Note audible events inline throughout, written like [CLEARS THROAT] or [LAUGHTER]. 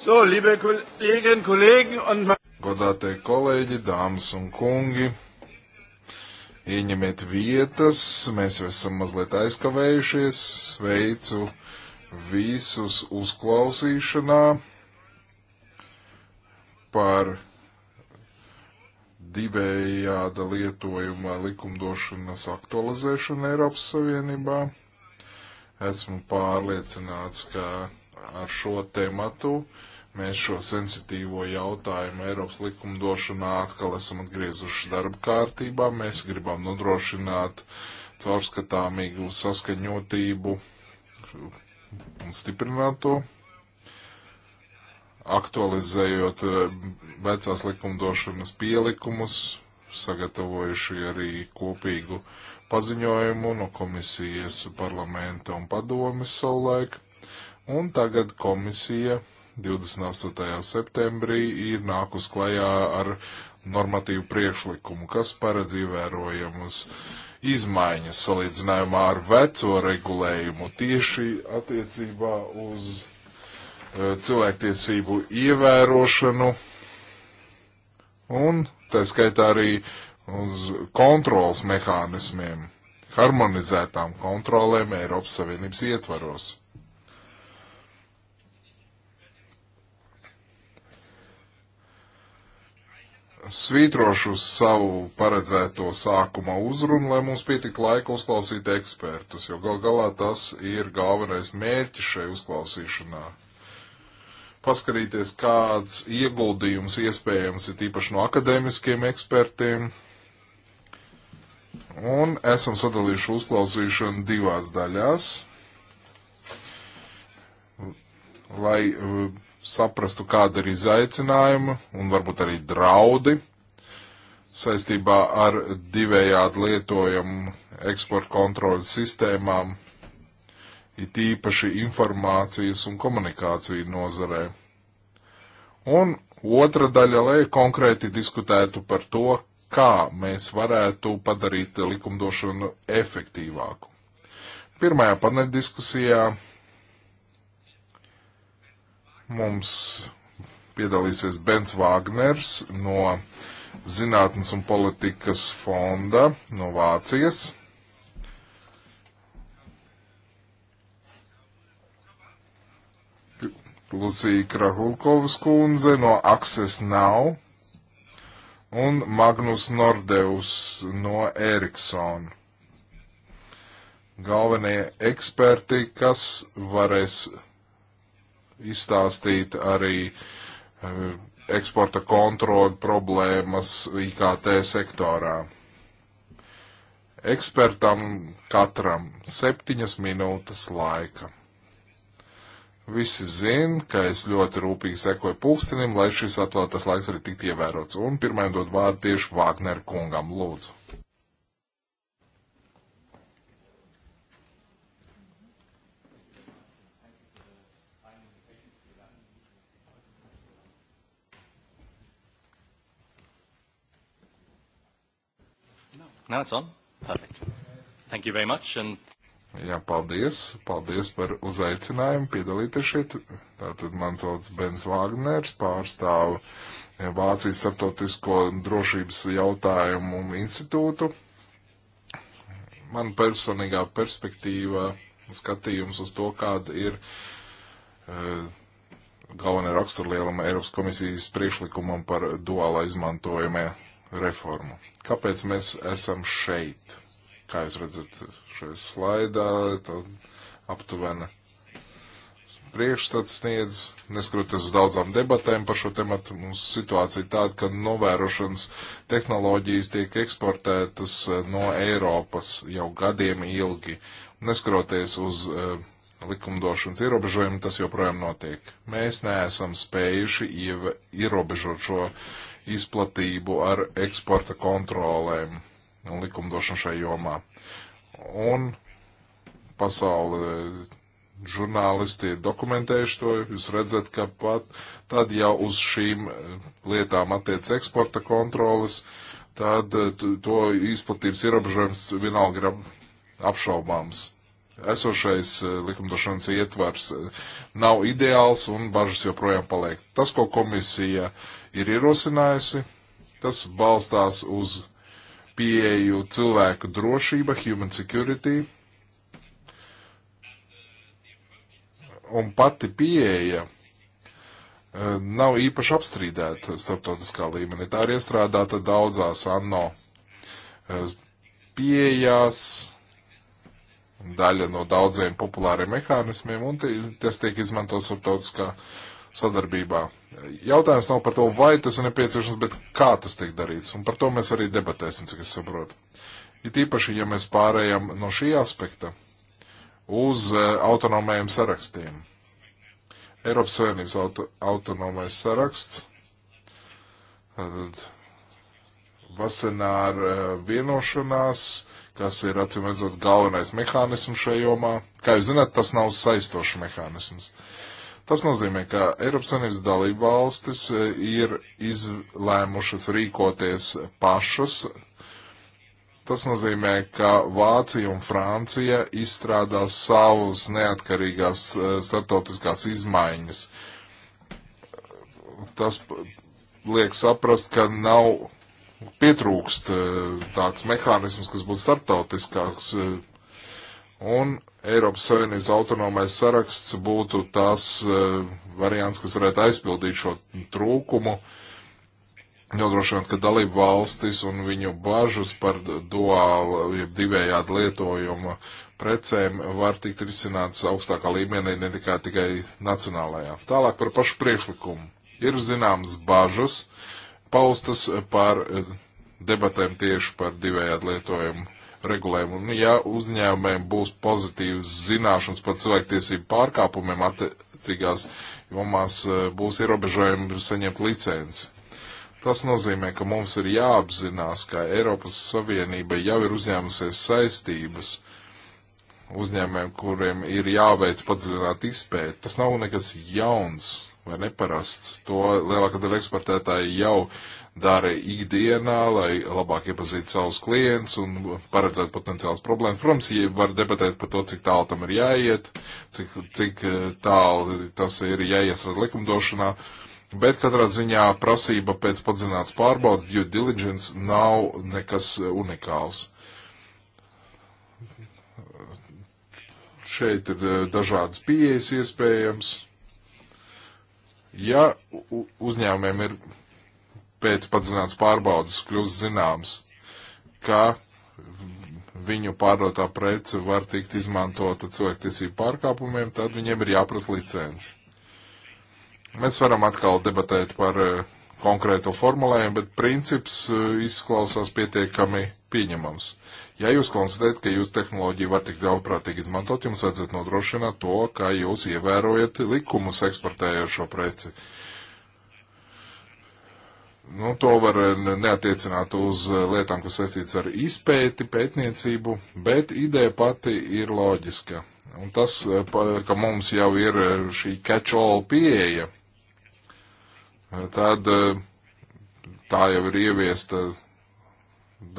So, liebe Kolleginnen, Kollegen und Godātie kolēģi, dāmas un kungi, ieņemiet vietas, mēs jau esam mazliet aizkavējušies, sveicu visus uzklausīšanā par divējāda lietojuma likumdošanas aktualizēšanu Eiropas Savienībā. Esmu pārliecināts, ka ar šo tematu. Mēs šo sensitīvo jautājumu Eiropas likumdošanā atkal esam atgriezuši darba kārtībā. Mēs gribam nodrošināt caurskatāmīgu saskaņotību un stiprināt to, aktualizējot eh, vecās likumdošanas pielikumus, sagatavojuši arī kopīgu paziņojumu no komisijas, parlamenta un padomes savulaik. Un tagad komisija 28. septembrī ir nākus klajā ar normatīvu priekšlikumu, kas paredz ievērojamus izmaiņas salīdzinājumā ar veco regulējumu tieši attiecībā uz e, cilvēktiesību ievērošanu un tā skaitā arī uz kontrols mehānismiem, harmonizētām kontrolēm Eiropas Savienības ietvaros. svītrošu savu paredzēto sākuma uzrunu, lai mums pietika laika uzklausīt ekspertus, jo gal galā tas ir galvenais mērķis šai uzklausīšanā. Paskarīties, kāds ieguldījums iespējams ir tīpaši no akadēmiskiem ekspertiem. Un esam sadalījuši uzklausīšanu divās daļās, lai uh, saprastu, kāda ir izaicinājuma un varbūt arī draudi saistībā ar divējādi lietojumu eksporta kontrolas sistēmām, it īpaši informācijas un komunikāciju nozarē. Un otra daļa, lai konkrēti diskutētu par to, kā mēs varētu padarīt likumdošanu efektīvāku. Pirmajā paneļdiskusijā Mums piedalīsies Bens Vāgners no Zinātnes un politikas fonda no Vācijas. Lucija Krahulkovas kundze no Access Now un Magnus Nordeus no Ericsson. Galvenie eksperti, kas varēs izstāstīt arī eh, eksporta kontroli problēmas IKT sektorā. Ekspertam katram septiņas minūtes laika. Visi zin, ka es ļoti rūpīgi sekoju pulkstenim, lai šis atvēlētas laiks arī tiktu ievērots. Un pirmajam dod vārdu tieši Vāgner kungam, lūdzu. Now it's on? Perfect. Thank you very much. And... Jā, paldies. Paldies par uzaicinājumu piedalīties šeit. Tātad man sauc Bens Vāgners, pārstāvu Vācijas starptautisko drošības jautājumu institūtu. Man personīgā perspektīva skatījums uz to, kāda ir uh, galvenā raksturlieluma Eiropas komisijas priekšlikumam par duālā izmantojuma reformu kāpēc mēs esam šeit. Kā jūs redzat šajā slaidā, tā aptuvena priekšstats sniedz, neskatoties uz daudzām debatēm par šo tematu, mums situācija ir tāda, ka novērošanas tehnoloģijas tiek eksportētas eh, no Eiropas jau gadiem ilgi. Neskatoties uz uh, likumdošanas ierobežojumi, tas joprojām notiek. Mēs neesam spējuši ierobežot šo izplatību ar eksporta kontrolēm un likumdošanu šai jomā. Un pasauli žurnālisti ir dokumentējuši to, jūs redzat, ka pat tad jau uz šīm e, lietām attiec eksporta kontrolas, tad e, to izplatības ierobežojums vienalga ir apšaubāms. Esošais e, likumdošanas ietvars nav ideāls un bažas joprojām paliek. Tas, ko komisija ir ierosinājusi. Tas balstās uz pieeju cilvēku drošība, human security, un pati pieeja e, nav īpaši apstrīdēta starptautiskā līmenī. Tā ir iestrādāta daudzās ANO e, pieejās, daļa no daudziem populāriem mehānismiem, un tas tiek izmantots starptautiskā līmenī sadarbībā. Jautājums nav par to, vai tas ir nepieciešams, bet kā tas tiek darīts. Un par to mēs arī debatēsim, cik es saprotu. It īpaši, ja mēs pārējām no šī aspekta uz e, autonomajiem sarakstiem. Eiropas Savienības auto, autonomais saraksts, e, tad Vasenāra e, vienošanās, kas ir acīm redzot galvenais mehānisms šajā jomā. Kā jūs zināt, tas nav saistošs mehānisms. Uh, Tas nozīmē, ka Eiropas Savienības dalība valstis e, ir izlēmušas rīkoties pašas. Tas nozīmē, ka Vācija un Francija izstrādās savus neatkarīgās e, starptautiskās izmaiņas. Tas liek saprast, ka nav pietrūkst e, tāds mehānisms, kas būtu starptautiskāks un Eiropas Savienības autonomais saraksts būtu tas uh, variants, kas varētu aizpildīt šo trūkumu, nodrošinot, ka dalību valstis un viņu bažas par duālu, jeb divējādu lietojumu precēm var tikt risināts augstākā līmenī, ne tikai, tikai nacionālajā. Tālāk par pašu priekšlikumu. Ir zināmas bažas paustas par eh, debatēm tieši par divējādu lietojumu regulējumu. Un, ja uzņēmumiem būs pozitīvas zināšanas par cilvēktiesību pārkāpumiem attiecīgās jomās, e, būs ierobežojumi saņemt licenci. Tas nozīmē, ka mums ir jāapzinās, ka Eiropas Savienība jau ir uzņēmusies saistības uzņēmumiem, kuriem ir jāveic padziļināta izpēta. Tas nav nekas jauns vai neparasts. To lielākā daļa eksportētāji jau dara ikdienā, lai labāk iepazītu savus klientus un paredzētu potenciālas problēmas. Protams, ja var debatēt par to, cik tālu tam ir jāiet, cik, cik eh, tālu tas ir jāiestrādā likumdošanā, bet katrā ziņā prasība pēc padzināts pārbaudas due diligence nav nekas unikāls. Šeit ir eh, dažādas pieejas iespējams. Ja uzņēmumiem ir pēc padziļināts pārbaudas kļūst zināms, ka viņu pārdotā prece var tikt izmantota cilvēktiesību pārkāpumiem, tad viņiem ir jāprasa licenci. Mēs varam atkal debatēt par eh, konkrēto formulējumu, bet princips eh, izklausās pietiekami pieņemams. Ja jūs konstatējat, ka jūsu tehnoloģija var tik daudzprātīgi izmantot, jums vajadzētu nodrošināt to, ka jūs ievērojat likumus eksportējošo preci. Uh, Nu, to var eh, neatiecināt uz eh, lietām, kas saistīts ar izpēti, pētniecību, bet ideja pati ir loģiska. Un tas, eh, ka mums jau ir šī catch-all pieeja, tad tā jau ir ieviesta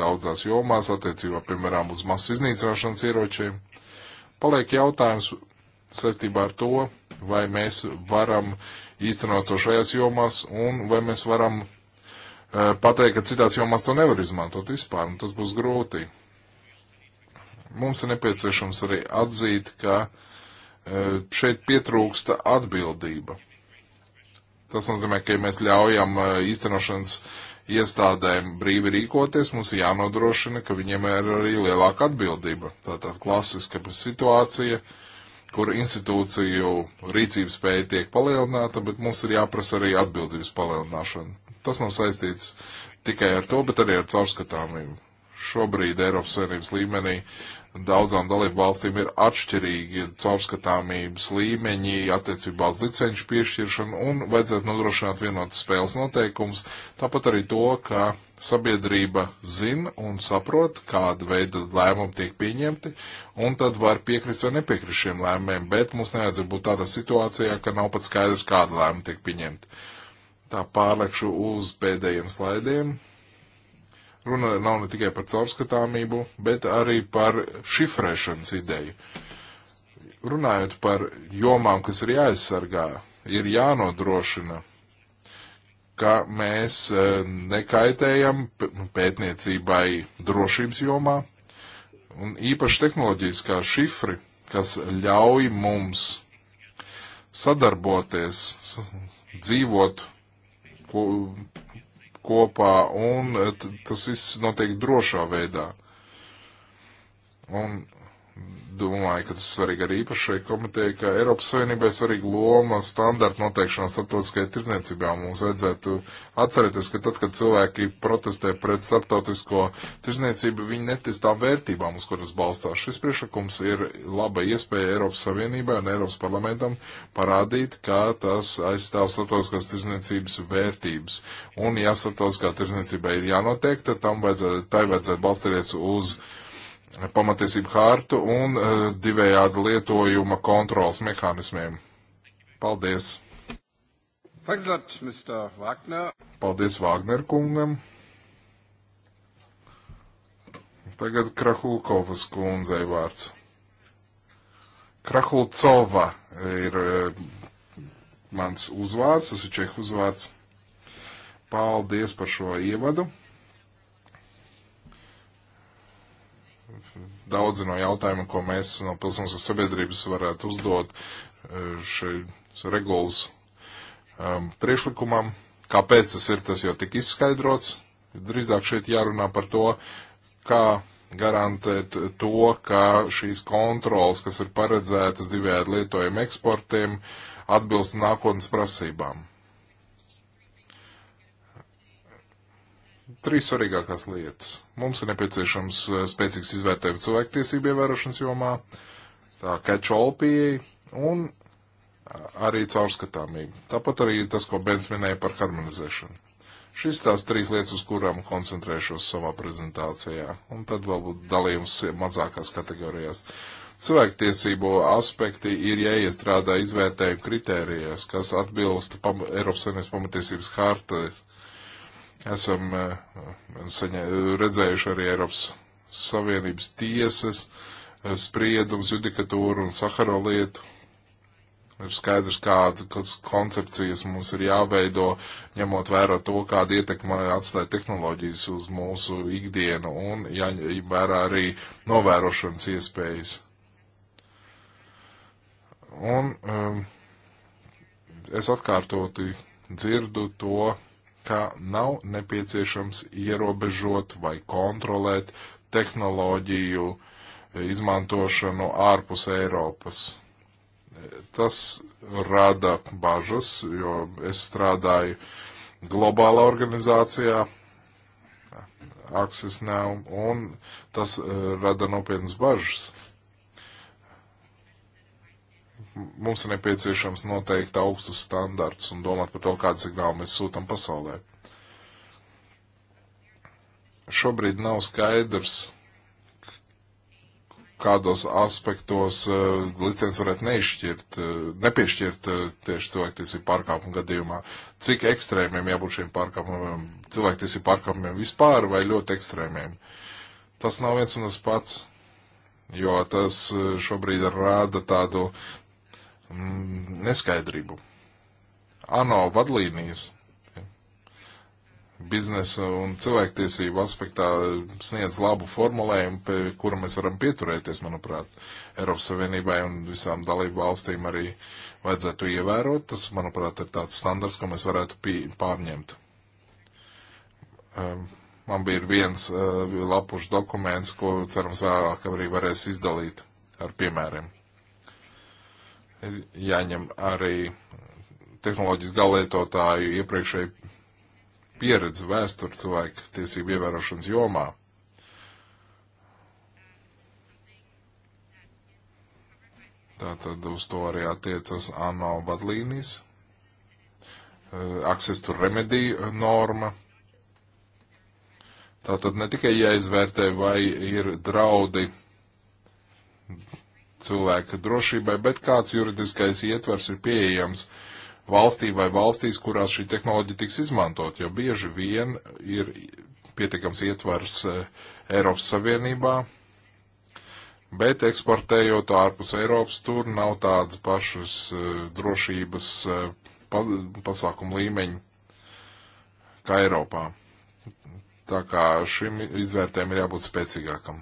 daudzās jomās attiecībā, piemēram, uz masu iznīcināšanas ieročiem. Paliek jautājums saistībā ar to, vai mēs varam īstenot to šajās jomās un vai mēs varam pateikt, ka citās jomās to nevar izmantot vispār, un tas būs grūti. Mums ir nepieciešams arī atzīt, ka šeit pietrūksta atbildība. Tas nozīmē, ka ja mēs ļaujam īstenošanas iestādēm brīvi rīkoties, mums ir jānodrošina, ka viņiem ir arī lielāka atbildība. Tā ir klasiska situācija, kur institūciju rīcības spēja tiek palielināta, bet mums ir jāprasa arī atbildības palielināšana. Tas nav saistīts tikai ar to, bet arī ar caurskatāmību. Šobrīd Eiropas Savienības līmenī daudzām dalību valstīm ir atšķirīgi caurskatāmības līmeņi attiecībā uz licenšu piešķiršanu un vajadzētu nodrošināt vienotas spēles noteikumus, tāpat arī to, ka sabiedrība zina un saprot, kāda veida lēmumi tiek pieņemti, un tad var piekrist vai nepiekrist šiem lēmumiem, bet mums nevajadzētu būt tādā situācijā, ka nav pat skaidrs, kāda lēmuma tiek pieņemta. Tā pārlekšu uz pēdējiem slaidiem. Runa nav ne tikai par caurskatāmību, bet arī par šifrēšanas ideju. Runājot par jomām, kas ir jāaizsargā, ir jānodrošina, ka mēs e, nekaitējam pētniecībai drošības jomā, un īpaši tehnoloģijas kā šifri, kas ļauj mums sadarboties, dzīvot ko, kopā, un tas viss notiek drošā veidā. Un domāju, ka tas ir svarīgi arī īpašai komitejai, ka Eiropas Savienībai svarīga loma standarta noteikšanā starptautiskajā tirdzniecībā. Mums vajadzētu atcerēties, ka tad, kad cilvēki protestē pret starptautisko tirdzniecību, viņi netic tām vērtībām, uz kuras balstās. Šis priekšlikums ir laba iespēja Eiropas Savienībai un Eiropas parlamentam parādīt, kā tas aizstāv starptautiskās tirdzniecības vērtības. Un, ja starptautiskā tirdzniecībai ir jānotiek, tad tam vajadzētu, tai vajadzētu balstīties uz uh, pamatiesību hārtu un e, divējādi lietojuma kontrolas mehānismiem. Paldies! Thanks a lot, Mr. Wagner. Paldies Wagner kungam. Tagad Krahulkovas kundzei vārds. Krahulcova ir e, mans uzvārds, tas ir čehu uzvārds. Paldies par šo ievadu. daudzi no jautājumiem, ko mēs no pilsoniskās sabiedrības varētu uzdot e, šeit regulas um, priekšlikumam. Kāpēc tas ir, tas jau tik izskaidrots. Drīzāk šeit jārunā par to, kā garantēt to, ka šīs kontrols, kas ir paredzētas divējādi lietojumu eksportiem, atbilst nākotnes prasībām. Trīs svarīgākās lietas. Mums ir nepieciešams eh, spēcīgs izvērtējums cilvēktiesību ievērošanas jomā, tā catch-all pieeja un eh, arī caurskatāmība. Tāpat arī tas, ko Bens minēja par harmonizēšanu. Šis tās trīs lietas, uz kurām koncentrēšos savā prezentācijā, un tad vēl būtu dalījums mazākās kategorijās. Cilvēktiesību aspekti ir jāiestrādā izvērtējuma kritērijās, kas atbilst pam Eiropas Savienības pamatiesības hārtas Esam eh, saņē, redzējuši arī Eiropas Savienības tiesas eh, spriedums, judikatūru un Sakaro lietu. Ir skaidrs, kādas koncepcijas mums ir jāveido, ņemot vērā to, kāda ietekma atstāja tehnoloģijas uz mūsu ikdienu un jāņem vērā arī novērošanas iespējas. Un um, es atkārtoti dzirdu to, ka nav nepieciešams ierobežot vai kontrolēt tehnoloģiju izmantošanu ārpus Eiropas. Tas rada bažas, jo es strādāju globālā organizācijā, Access Now, un tas eh, rada nopietnas bažas mums ir nepieciešams noteikt augstus standartus un domāt par to, kādu signālu mēs sūtam pasaulē. Šobrīd nav skaidrs, kādos aspektos uh, eh, licens varētu neizšķirt, uh, nepiešķirt uh, tieši cilvēktiesību pārkāpumu gadījumā. Cik ekstrēmiem jābūt šiem pārkāpumiem, cilvēktiesību pārkāpumiem vispār vai ļoti ekstrēmiem. Tas nav viens un tas pats, jo tas šobrīd rāda tādu Mm, neskaidrību. ANO vadlīnijas biznesa un cilvēktiesību aspektā sniedz labu formulējumu, pie kura mēs varam pieturēties, manuprāt, Eiropas Savienībai un visām dalību valstīm arī vajadzētu ievērot. Tas, manuprāt, ir tāds standarts, ko mēs varētu pie, pārņemt. Um, man bija viens uh, eh, lapušs dokuments, ko cerams vēlāk arī varēs izdalīt ar piemēriem jāņem arī tehnoloģijas gallietotāju iepriekšēji pieredze vēstur cilvēku tiesību ievērošanas jomā. Tātad uz to arī attiecas ANO vadlīnijas, eh, access to remedy eh, norma. Tātad ne tikai jāizvērtē, vai ir draudi cilvēka drošībai, bet kāds juridiskais ietvers ir pieejams valstī vai valstīs, kurās šī tehnoloģija tiks izmantot, jo bieži vien ir pietiekams ietvers eh, Eiropas Savienībā, bet eksportējot ārpus Eiropas, tur nav tādas pašas eh, drošības eh, pasākumu līmeņa kā Eiropā. Tā kā šim izvērtējumam ir jābūt spēcīgākam.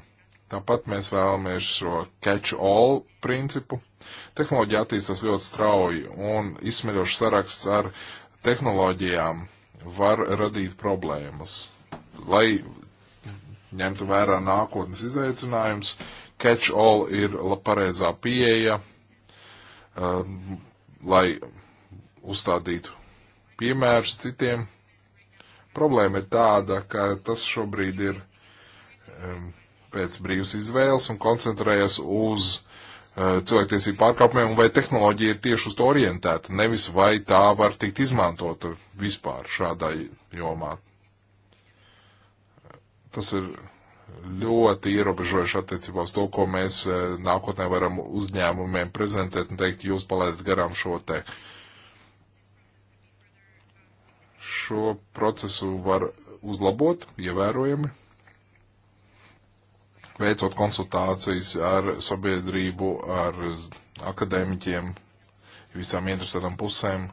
Tāpat mēs vēlamies šo catch-all principu. Tehnoloģija attīstās ļoti strauji un izsmeļošs saraksts ar tehnoloģijām var radīt problēmas. Lai ņemtu vērā nākotnes izaicinājums, catch-all ir pareizā pieeja, um, lai uzstādītu piemērus citiem. Problēma ir tāda, ka tas šobrīd ir um, pēc brīvas izvēles un koncentrējas uz uh, cilvēktiesību pārkāpumiem, vai tehnoloģija ir tieši uz to orientēta, nevis vai tā var tikt izmantota vispār šādā jomā. Tas ir ļoti ierobežojuši attiecībā uz to, ko mēs uh, nākotnē varam uzņēmumiem prezentēt un teikt, jūs palaidat garām šo te. Šo procesu var uzlabot ievērojami veicot konsultācijas ar sabiedrību, ar akadēmiķiem, visām interesētām pusēm.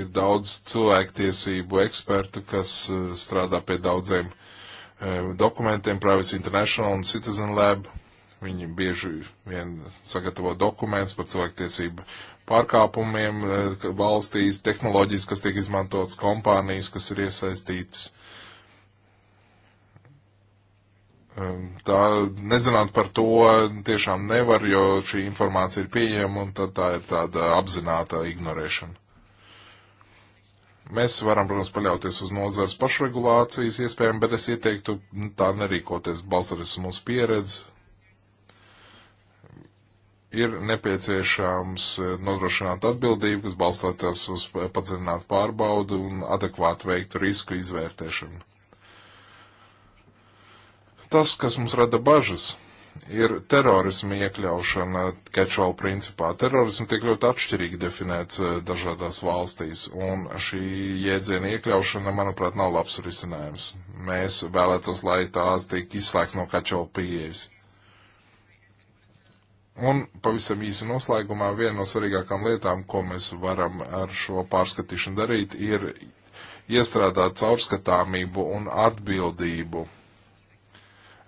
Ir daudz cilvēktiesību ekspertu, kas eh, strādā pie daudziem eh, dokumentiem, Privacy International un Citizen Lab. Viņi bieži vien sagatavo dokumentus par cilvēktiesību pārkāpumiem eh, valstīs, tehnoloģijas, kas tiek izmantotas, kompānijas, kas ir iesaistītas. Ehm, tā nezināt par to tiešām nevar, jo šī informācija ir pieejama un tad tā ir tāda apzināta ignorēšana. Mēs varam, protams, paļauties uz nozares pašregulācijas iespējām, bet es ieteiktu nu, tā nerīkoties, balstoties uz mūsu pieredzi. Ir nepieciešams e, nodrošināt atbildību, kas balstoties uz e, padziļinātu pārbaudu un adekvātu veiktu risku izvērtēšanu Tas, kas mums rada bažas, ir terorisma iekļaušana catch-all principā. Terorisms tiek ļoti atšķirīgi definēts eh, dažādās valstīs, un šī jēdziena iekļaušana, manuprāt, nav labs risinājums. Mēs vēlētos, lai tās tiek izslēgts no catch-all pieejas. Un pavisam īsi noslēgumā viena no svarīgākām lietām, ko mēs varam ar šo pārskatīšanu darīt, ir iestrādāt caurskatāmību un atbildību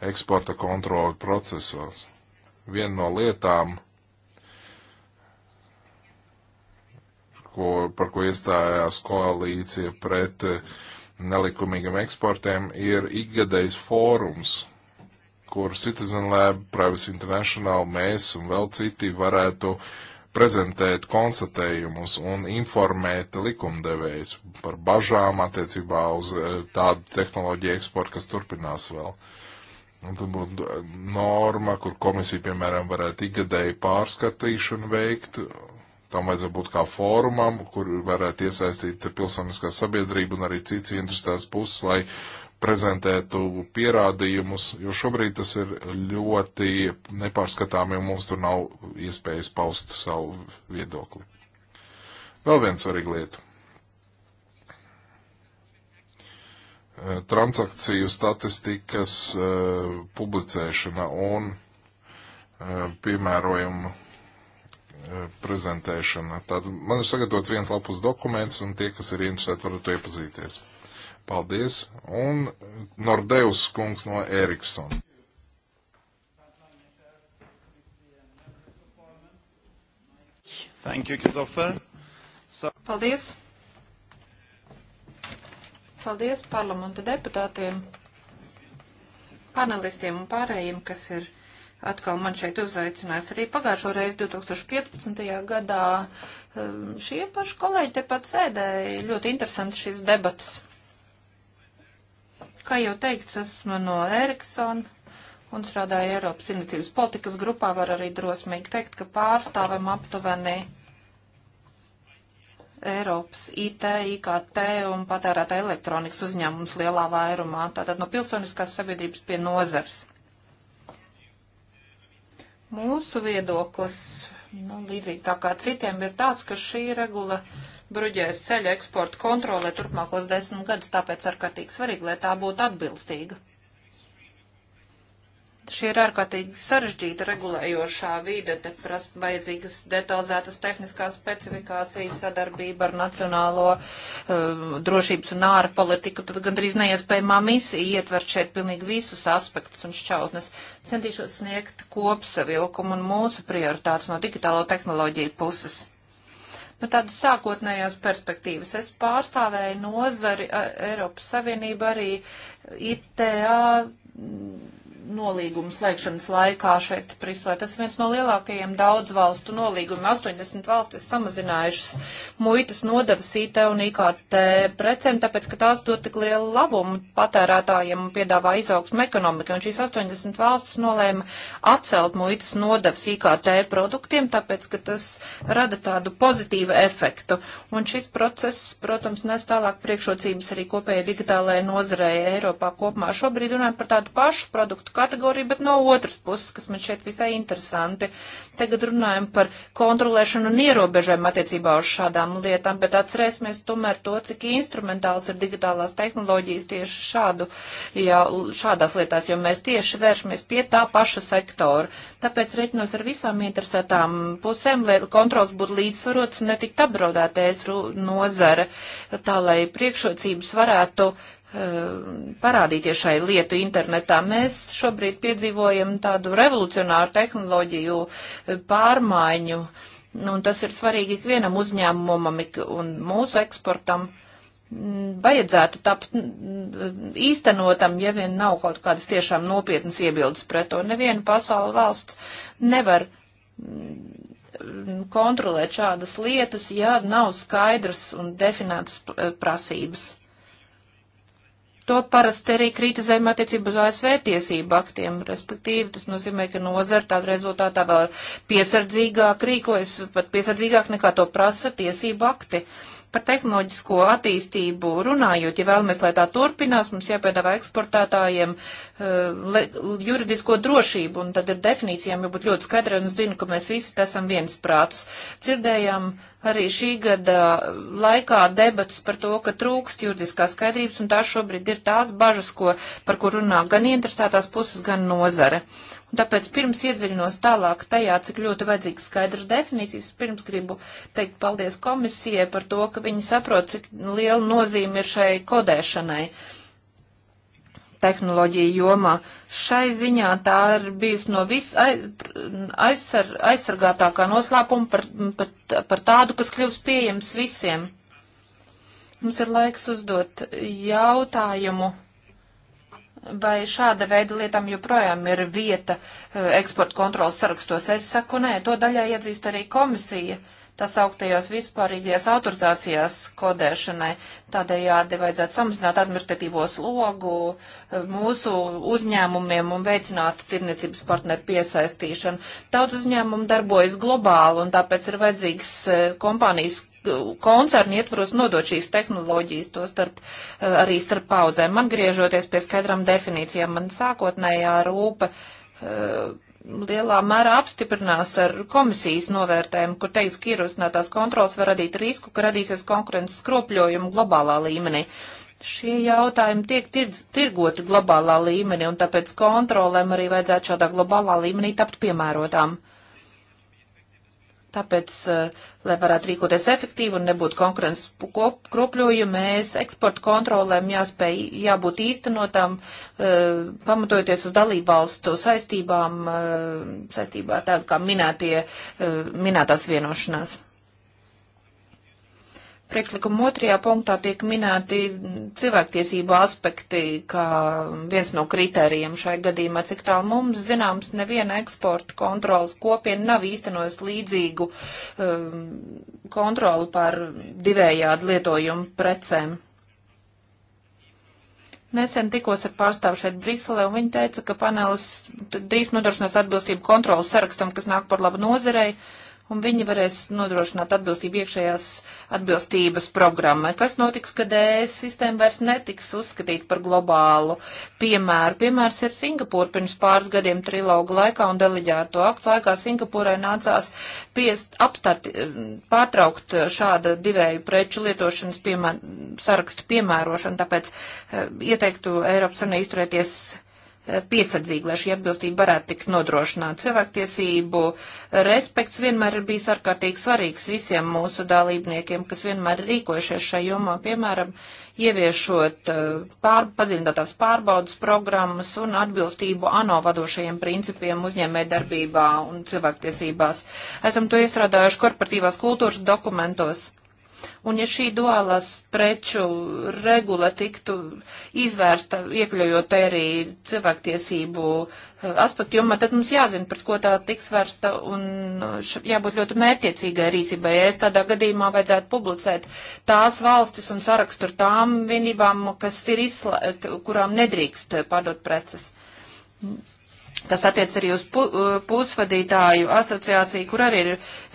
eksporta kontroli procesos. Viena no lietām, ko, par ko iestājās koalīcija pret eh, nelikumīgiem eksportiem, ir ikgadējs fórums, kur Citizen Lab, Privacy International, mēs un vēl citi varētu prezentēt konstatējumus un informēt likumdevējus par bažām attiecībā uz eh, tādu tehnoloģiju eksportu, kas turpinās vēl. Uh, Un tad būtu eh, norma, kur komisija, piemēram, varētu ikgadēju pārskatīšanu veikt. Tam vajadzētu būt kā fórumam, kur varētu iesaistīt pilsoniskā sabiedrība un arī cits interesētās puses, lai prezentētu pierādījumus, jo šobrīd tas ir ļoti nepārskatāmi, un mums tur nav iespējas paust savu viedokli. Vēl viena svarīga lieta. Eh, transakciju statistikas eh, publicēšana un eh, piemērojumu prezentēšana. Tad man ir sagatavots viens lapus dokuments, un tie, kas ir interesēti, varat to iepazīties. Paldies! Un Nordeus kungs no Eriksona. Thank you, Christopher. So... Paldies! Paldies parlamenta deputātiem, panelistiem un pārējiem, kas ir atkal man šeit uzaicinājis. Arī pagājušo reizi 2015. gadā um, šie paši kolēģi tepat sēdēja. Ļoti interesants šis debats. Kā jau teikts, esmu no Eriksona un strādāju Eiropas Iniciatīvas politikas grupā. Var arī drosmīgi teikt, ka pārstāvam aptuveni Eiropas IT, IKT un patērētā elektronikas uzņēmums lielā vairumā, tātad no pilsoniskās sabiedrības pie nozars. Mūsu viedoklis, nu, līdzīgi tā kā citiem, ir tāds, ka šī regula bruģēs ceļa eksporta kontrolē turpmākos desmit gadus, tāpēc ārkārtīgi svarīgi, lai tā būtu atbilstīga. Šī ir ārkārtīgi sarežģīta regulējošā vīde, te prasa vajadzīgas detalizētas tehniskās specifikācijas, sadarbība ar nacionālo um, drošības un āra politiku, tad gandrīz neiespējamā misija ietvert šeit pilnīgi visus aspektus un šķautnes. Centīšos sniegt kopsavilkumu un mūsu prioritātes no digitālo tehnoloģiju puses. Nu, tādas sākotnējās perspektīvas. Es pārstāvēju nozari Eiropas Savienību arī ITA nolīgumu slēgšanas laikā šeit Prislē. Tas viens no lielākajiem daudz valstu nolīgumiem. 80 valstis samazinājušas muitas nodevas IT un IKT precēm, tāpēc, ka tās dod tik lielu labumu patērētājiem un piedāvā izaugsmu ekonomikai. Un šīs 80 valstis nolēma atcelt muitas nodevas IKT produktiem, tāpēc, ka tas rada tādu pozitīvu efektu. Un šis process, protams, nes tālāk priekšrocības arī kopējai digitālajai nozarei Eiropā kopumā. Šobrīd runājam par tādu pašu produktu kategoriju, bet no otras puses, kas man šeit visai interesanti. Tagad runājam par kontrolēšanu un ierobežojumu attiecībā uz šādām lietām, bet atcerēsimies tomēr to, cik instrumentāls ir digitālās tehnoloģijas tieši šādu, jā, šādās lietās, jo mēs tieši vēršamies pie tā paša sektora. Tāpēc reiķinos ar visām interesētām pusēm, lai kontrols būtu līdzsvarots un netikt apdraudētais nozare, tā lai priekšrocības varētu Eh, parādīties šai lietu internetā. Mēs šobrīd piedzīvojam tādu revolucionāru tehnoloģiju eh, pārmaiņu, un tas ir svarīgi ikvienam uzņēmumam un mūsu eksportam mm, vajadzētu tapt mm, mm, īstenotam, ja vien nav kaut kādas tiešām nopietnas iebildes pret to. Neviena pasauli valsts nevar kontrolēt šādas lietas, ja nav skaidras un definētas eh, prasības. To parasti arī kritizējam attiecībā uz ASV tiesību aktiem, respektīvi tas nozīmē, ka nozara tādā rezultātā vēl piesardzīgāk rīkojas, pat piesardzīgāk nekā to prasa tiesību akti. Par tehnoloģisko attīstību runājot, ja vēlamies, lai tā turpinās, mums jāpiedāvā eksportētājiem uh, le, juridisko drošību, un tad ir definīcijām jābūt ļoti skaidrai, un es zinu, ka mēs visi esam viens prātus. Cirdējām uh, arī šī gada laikā debats par to, ka trūkst juridiskās skaidrības, un tās šobrīd ir tās bažas, ko, par kur runā gan interesētās puses, gan nozare. Un tāpēc pirms iedziļinos tālāk tajā, cik ļoti vajadzīgs skaidrs definīcijas, pirms gribu teikt paldies komisijai par to, ka viņi saprot, cik liela nozīme ir šai kodēšanai. Uh, tehnoloģiju jomā. Šai ziņā tā ir bijusi no viss aizsar, aizsargātākā noslēpuma par, par, par tādu, kas kļūst pieejams visiem. Mums ir laiks uzdot jautājumu, vai šāda veida lietām joprojām ir vieta eh, eksporta kontrolas sarakstos. Es saku, nē, to daļai iedzīst arī komisija. Uh, tas augtajās vispārīgajās autorizācijās kodēšanai. Tādējādi vajadzētu samazināt administratīvo slogu e, mūsu uzņēmumiem un veicināt tirniecības partneru piesaistīšanu. Daudz uzņēmumu darbojas globāli un tāpēc ir vajadzīgs e, kompānijas e, koncerni ietvaros nodot šīs tehnoloģijas, to starp, arī starp paudzēm. Man griežoties pie skaidram definīcijām, man sākotnējā rūpa lielā mērā apstiprinās ar komisijas novērtējumu, kur teiks, ka ierosinātās kontrols var radīt risku, ka radīsies konkurences skropļojumu globālā līmenī. Šie jautājumi tiek tirds, tirgoti globālā līmenī, un tāpēc kontrolēm arī vajadzētu šādā globālā līmenī tapt piemērotām. Tāpēc, eh, lai varētu rīkoties efektīvi un nebūtu konkurences kropļojumi, mēs eksporta kontrolēm jāspēj, jābūt īstenotām, eh, pamatojoties uz dalību valstu saistībām, eh, saistībā ar tādu kā minētie, minētās vienošanās. Prieklikuma otrajā punktā tiek minēti cilvēktiesību aspekti, kā viens no kritērijiem šai gadījumā, cik tālu mums zināms, neviena eksporta kontrolas kopiena nav īstenojusi līdzīgu um, kontroli pār divējādi lietojumu precēm. Nesen tikos ar pārstāvu šeit Briselē, un viņi teica, ka panelis drīz nodrošinās atbilstību kontrolas sarakstam, kas nāk par labu nozarei. Uh, un viņi varēs nodrošināt atbilstību iekšējās atbilstības programmai. Kas notiks, kad ES sistēma vairs netiks uzskatīt par globālu piemēru? Piemērs ir Singapūra pirms pāris gadiem trilogu laikā un deliģēto aktu laikā Singapūrai nācās piest apstāt, pārtraukt šāda divēju preču lietošanas piemēr, sarakstu piemērošanu, tāpēc eh, ieteiktu Eiropas un izturēties Eh, piesardzīgi, lai šī atbilstība varētu tikt nodrošināta. Cilvēktiesību respekts vienmēr ir bijis ārkārtīgi svarīgs visiem mūsu dalībniekiem, kas vienmēr ir rīkojušies šajā jomā, piemēram, ieviešot eh, pār, padziļinātās pārbaudas programmas un atbilstību ANO vadošajiem principiem uzņēmē darbībā un cilvēktiesībās. Esam to iestrādājuši korporatīvās kultūras dokumentos Un ja šī duālās preču regula tiktu izvērsta, iekļaujot arī cilvēktiesību eh, aspektu jomā, tad mums jāzina, pret ko tā tiks vērsta un eh, jābūt ļoti mērķiecīgai rīcībai. Ja es tādā gadījumā vajadzētu publicēt tās valstis un sarakstu ar tām vienībām, kas ir izslēgta, kurām nedrīkst pārdot preces. Tas attiec arī uz pu, eh, pusvadītāju asociāciju, kur arī ir,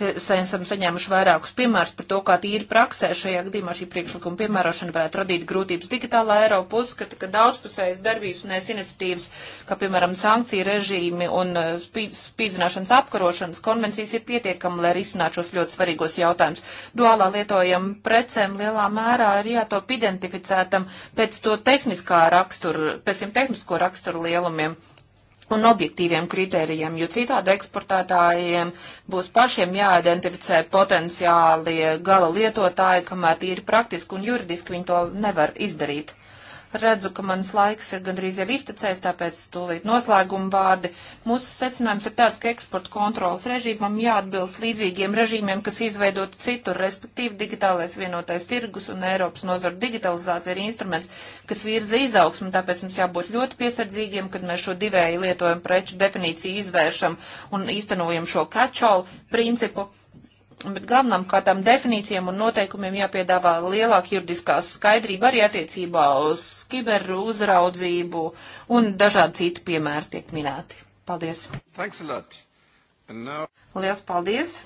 eh, esam saņēmuši vairākus piemērus par to, kā tīri praksē šajā gadījumā šī priekšlikuma piemērošana varētu radīt grūtības. Digitālā Eiropa uzskata, ka daudzpusējas darbības un iniciatīvas, kā piemēram sankcija režīmi un eh, spīdzināšanas apkarošanas konvencijas ir pietiekama, lai risinātu šos ļoti svarīgos jautājumus. Duālā lietojam precēm lielā mērā ir jātop identificētam pēc to tehniskā rakstura, pēc tiem tehnisko rakstura lielumiem un objektīviem kritērijiem, jo citādi eksportētājiem būs pašiem jāidentificē potenciāli gala lietotāji, kamēr tīri praktiski un juridiski viņi to nevar izdarīt. Redzu, ka mans laiks ir gandrīz jau iztecējis, tāpēc tūlīt noslēguma vārdi. Mūsu secinājums ir tāds, ka eksporta kontrolas režīmam jāatbilst līdzīgiem režīmiem, kas izveidot citur, respektīvi digitālais vienotais tirgus un Eiropas nozara digitalizācija ir instruments, kas virza izaugsmu, tāpēc mums jābūt ļoti piesardzīgiem, kad mēs šo divēju lietojumu preču definīciju izvēršam un īstenojam šo catch-all principu Bet galvenām kārtām definīcijām un noteikumiem jāpiedāvā lielāka juridiskā skaidrība arī attiecībā uz kiberu uzraudzību un dažādi citi piemēri tiek minēti. Paldies! Now... Lielas paldies!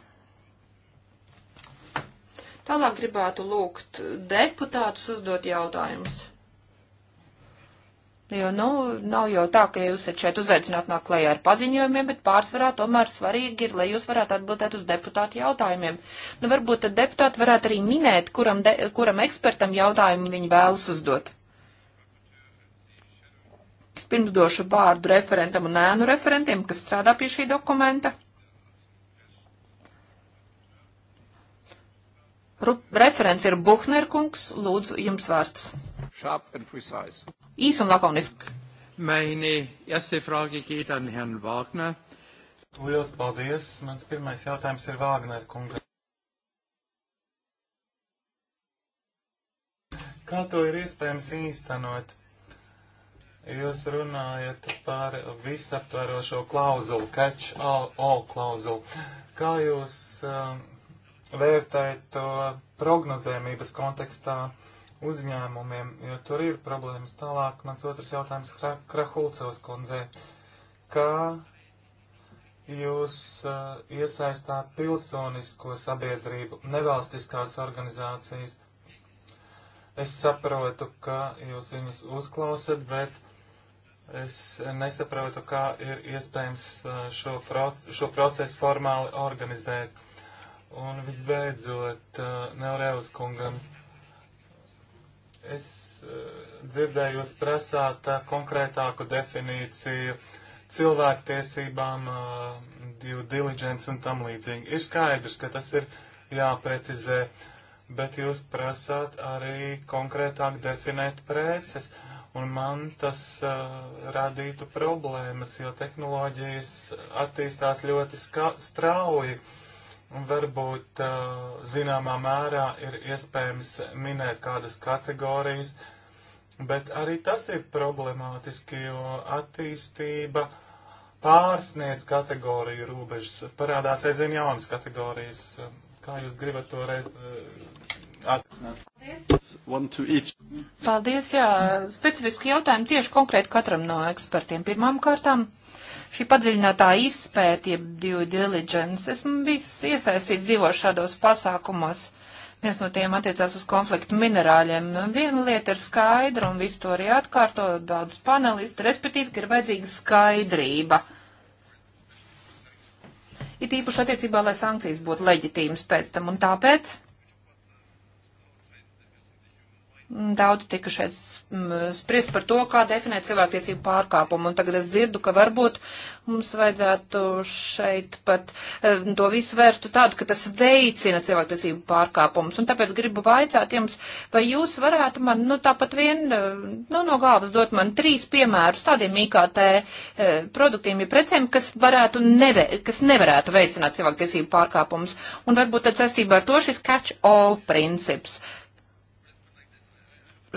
Tālāk gribētu lūgt deputātus uzdot jautājumus. Jo, nu, nav jau tā, ka jūs šeit uzaicināt nāk klajā ar paziņojumiem, bet pārsvarā tomēr svarīgi ir, lai jūs varētu atbildēt uz deputātu jautājumiem. Nu, varbūt tad deputāti varētu arī minēt, kuram, de, kuram ekspertam jautājumu viņi vēlas uzdot. Es pirms došu vārdu referentam un ēnu referentiem, kas strādā pie šī dokumenta. Ru referents ir Buhnerkungs, lūdzu, jums vārds. Sharp and precise. Īs un lakoniski. Meine erste Frage geht an Herrn Wagner. Lielas paldies. Mans pirmais jautājums ir Vāgner kungam. Kā to ir iespējams īstenot? Jūs runājat par visaptverošo klauzulu, catch all, all klauzulu. Kā jūs um, vērtējat to prognozējumības kontekstā? Uh, uzņēmumiem, jo tur ir problēmas. Tālāk mans otrs jautājums Krahulcevas kundzē. Kā jūs uh, iesaistāt pilsonisko sabiedrību, nevalstiskās organizācijas? Es saprotu, ka jūs viņus uzklausat, bet es nesaprotu, kā ir iespējams eh, šo, proc šo procesu formāli organizēt. Un visbeidzot, uh, eh, Neurēvas kungam. Mm -hmm Es eh, dzirdēju, jūs prasāt eh, konkrētāku definīciju cilvēktiesībām, eh, due diligence un tam līdzīgi. Ir skaidrs, ka tas ir jāprecizē, bet jūs prasāt arī konkrētāk definēt preces, un man tas uh, radītu problēmas, jo tehnoloģijas attīstās ļoti strauji. Uh, varbūt zināmā mērā ir iespējams minēt kādas kategorijas, bet arī tas ir problemātiski, jo attīstība pārsniedz kategoriju robežas, parādās aizvien jaunas kategorijas. Kā jūs gribat to re... Paldies. Paldies, jā. Specifiski jautājumi tieši konkrēti katram no ekspertiem. Pirmām kārtām. Uh, Šī padziļinātā izpētie due diligence, esmu bijis iesaistīts divos šādos pasākumos. Viens no tiem attiecās uz konfliktu minerāļiem. Nu, viena lieta ir skaidra, un visu to arī atkārto daudz panelistu, respektīvi, ka ir vajadzīga skaidrība. It īpaši attiecībā, lai sankcijas būtu leģitīmas pēc tam, un tāpēc Mm, daudz tika šeit mm, spriest par to, kā definēt cilvēktiesību pārkāpumu, un tagad es dzirdu, ka varbūt mums vajadzētu šeit pat e, to visu vērstu tādu, ka tas veicina cilvēktiesību pārkāpumus, un tāpēc gribu vaicāt jums, vai jūs varētu man, nu tāpat vien, e, nu no galvas dot man trīs piemērus tādiem IKT e, produktiem, ja precēm, kas varētu neve, kas nevarētu veicināt cilvēktiesību pārkāpumus, un varbūt tad saistībā ar to šis catch-all princips. Uh,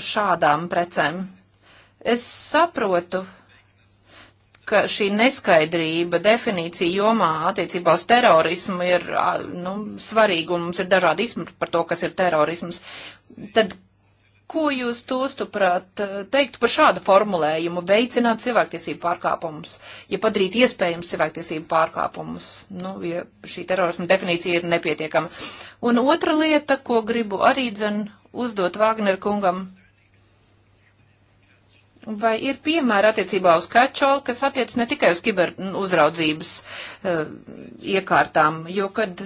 šādām precēm. Es saprotu, ka šī neskaidrība definīcija jomā attiecībā uz terorismu ir nu, svarīga un mums ir dažādi izpratni par to, kas ir terorisms. Tad ko jūs tostuprāt eh, teikt par šādu formulējumu - veicināt cilvēktiesību pārkāpumus, ja padarīt iespējams cilvēktiesību pārkāpumus, nu, ja šī terorisma definīcija ir nepietiekama. Un otra lieta, ko gribu arī dzen uzdot Vāgner kungam Vai ir piemēra attiecībā uz catch-all, kas attiec ne tikai uz kiberuzraudzības uh, eh, iekārtām, jo, kad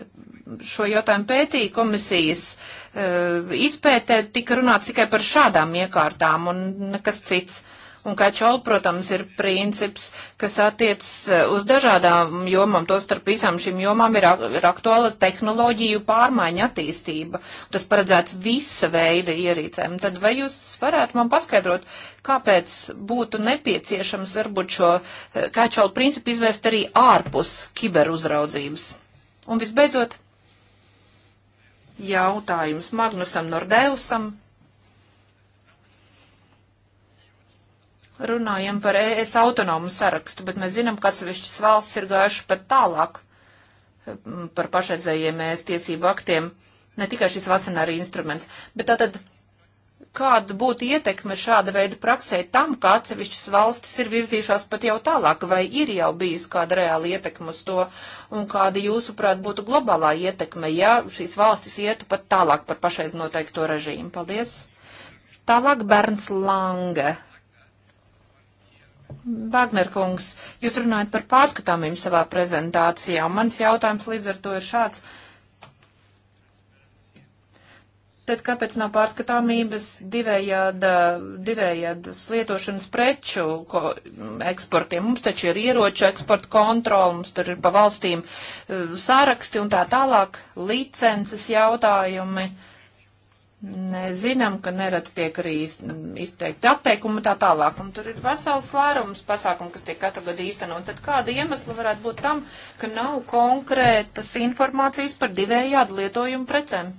šo jautājumu pētīja komisijas uh, izpētē, tika runāts tikai par šādām iekārtām un nekas cits. Un catch-all, protams, ir princips, kas attiec eh, uz dažādām jomām, to starp visām šīm jomām ir, ir aktuāla tehnoloģiju pārmaiņa attīstība. Tas paredzēts visa veida ierīcēm. Tad vai jūs varētu man paskaidrot, kāpēc būtu nepieciešams varbūt šo catch-all eh, principu izvērst arī ārpus kiberuzraudzības? Un visbeidzot, jautājums Magnusam Nordeusam runājam par ES autonomu sarakstu, bet mēs zinām, ka atsevišķas valsts ir gājuši pat tālāk mm, par pašreizējiem ES tiesību aktiem, ne tikai šis vasanārī instruments, bet tātad kāda būtu ietekme šāda veida praksē tam, ka atsevišķas valstis ir virzījušās pat jau tālāk, vai ir jau bijis kāda reāla ietekme uz to, un kāda jūsuprāt būtu globālā ietekme, ja šīs valstis ietu pat tālāk par pašreiz noteikto režīmu? Paldies! Tālāk Bernds Lange. Vagner kungs, jūs runājat par pārskatāmību savā prezentācijā, un mans jautājums līdz ar to ir šāds. Tad kāpēc nav pārskatāmības divējāda, divējādas lietošanas preču ko, eksportiem? Mums taču ir ieroču eksporta kontrola, mums tur ir pa valstīm eh, sāraksti un tā tālāk licences jautājumi. Uh, Nezinām, ka nerad tiek arī izteikti apteikumi tā tālāk, un tur ir vesels slērums pasākumu, kas tiek katru gadu īstenot. Tad kāda iemesla varētu būt tam, ka nav konkrētas informācijas par divējādu lietojumu precēm?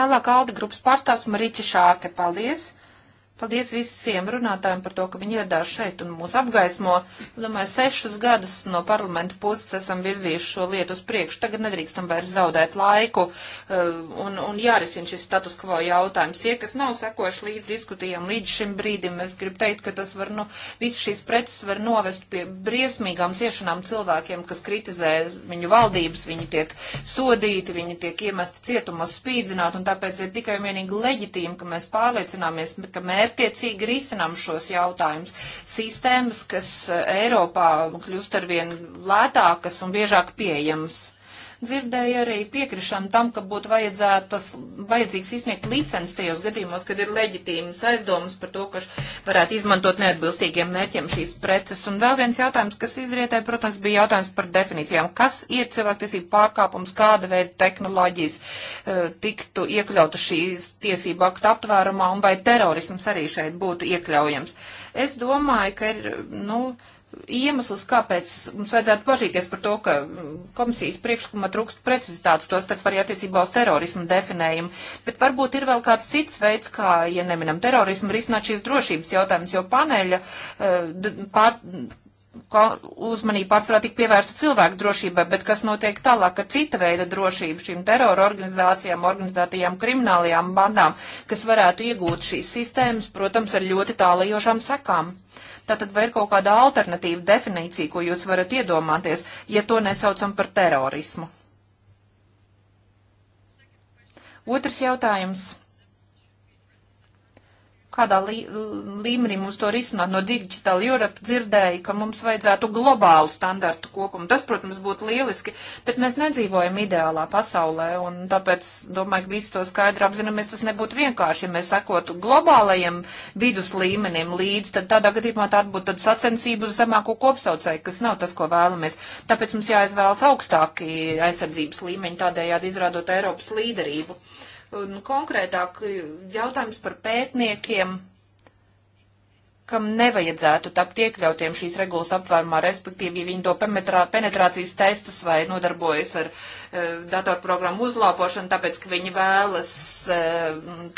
Tālāk Aldi grupas pārstāvs Mariķi Šāke. Paldies! Paldies visiem runātājiem par to, ka viņi ieradās šeit un mūs apgaismo. Domāju, sešus gadus no parlamenta puses esam virzījuši šo lietu uz priekšu. Tagad nedrīkstam vairs zaudēt laiku eh, un, un jārisina šis status quo jautājums. Tie, kas nav sekojuši līdz diskutējām līdz šim brīdim, es gribu teikt, ka tas var, nu, visas šīs preces var novest pie briesmīgām ciešanām cilvēkiem, kas kritizē viņu valdības, viņi tiek sodīti, viņi tiek iemesti cietumos spīdzināti un tāpēc ir tikai un vienīgi leģitīmi, ka mēs pārliecināmies, ka mērķi mērķtiecīgi risinām šos jautājumus. Sistēmas, kas eh, Eiropā kļūst arvien lētākas un biežāk pieejamas. Dzirdēju arī piekrišanu tam, ka būtu vajadzīgs izsniegt licences tajos gadījumos, kad ir leģitīmas aizdomas par to, ka varētu izmantot neatbilstīgiem mērķiem šīs preces. Un vēl viens jautājums, kas izrietē, protams, bija jautājums par definīcijām. Kas ir cilvēktiesību pārkāpums, kāda veida tehnoloģijas uh, tiktu iekļauta šīs tiesību aktu aptvērumā un vai terorisms arī šeit būtu iekļaujams? Es domāju, ka ir, nu, iemesls, kāpēc mums vajadzētu pažīties par to, ka mm, komisijas priekšlikumā trūkst precizitātes, to starp arī attiecībā uz terorismu definējumu, bet varbūt ir vēl kāds cits veids, kā, ja neminam terorismu, risināt šīs drošības jautājumus, jo paneļa eh, pār, uzmanība pārsvarā tik pievērsta cilvēku drošībai, bet kas notiek tālāk, ka cita veida drošība šīm terora organizācijām, organizētajām kriminālajām bandām, kas varētu iegūt šīs sistēmas, protams, ar ļoti tālajošām sekām. Uh, Tātad vai ir kaut kāda alternatīva definīcija, ko jūs varat iedomāties, ja to nesaucam par terorismu? Otrs jautājums kādā lī, līmenī mums to risināt. No Digital Europe dzirdēju, ka mums vajadzētu globālu standartu kopumu. Tas, protams, būtu lieliski, bet mēs nedzīvojam ideālā pasaulē, un tāpēc, domāju, ka visi to skaidri apzināmies, tas nebūtu vienkārši, ja mēs sekotu globālajiem vidus līmenim līdz, tad tādā gadījumā tā būtu tad sacensība uz zemāko kopsaucēju, kas nav tas, ko vēlamies. Tāpēc mums jāizvēlas augstāki aizsardzības līmeņi, tādējādi izrādot Eiropas līderību. Thank you un konkrētāk jautājums par pētniekiem kam nevajadzētu tapt iekļautiem šīs regulas apvērumā, respektīvi, ja viņi to penetrā, penetrācijas testus vai nodarbojas ar e, datorprogrammu uzlāpošanu, tāpēc, ka viņi vēlas e,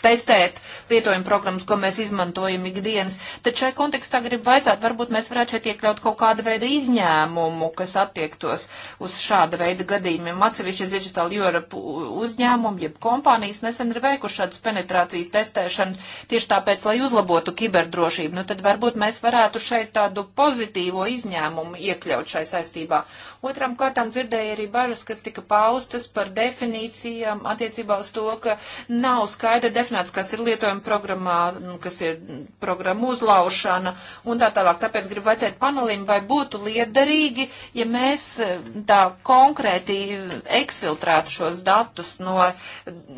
testēt lietojumu programmas, ko mēs izmantojam ikdienas. Tad šai kontekstā gribu vaicāt, varbūt mēs varētu šeit iekļaut kaut kādu veidu izņēmumu, kas attiektos uz šāda veida gadījumiem. Atsevišķas Digital Europe uzņēmumi, jeb kompānijas nesen ir veikuši šādas penetrāciju testēšanu tieši tāpēc, lai uzlabotu kiberdrošību. Nu, tad tad varbūt mēs varētu šeit tādu pozitīvo izņēmumu iekļaut šai saistībā. Otram kārtām dzirdēja arī bažas, kas tika paustas par definīcijām attiecībā uz to, ka nav skaidri definēts, kas ir lietojuma programmā, kas ir programmu uzlaušana un tā tālāk. Tāpēc gribu vajadzēt panelim, vai būtu liederīgi, ja mēs eh, tā konkrēti eh, eksfiltrētu šos datus no,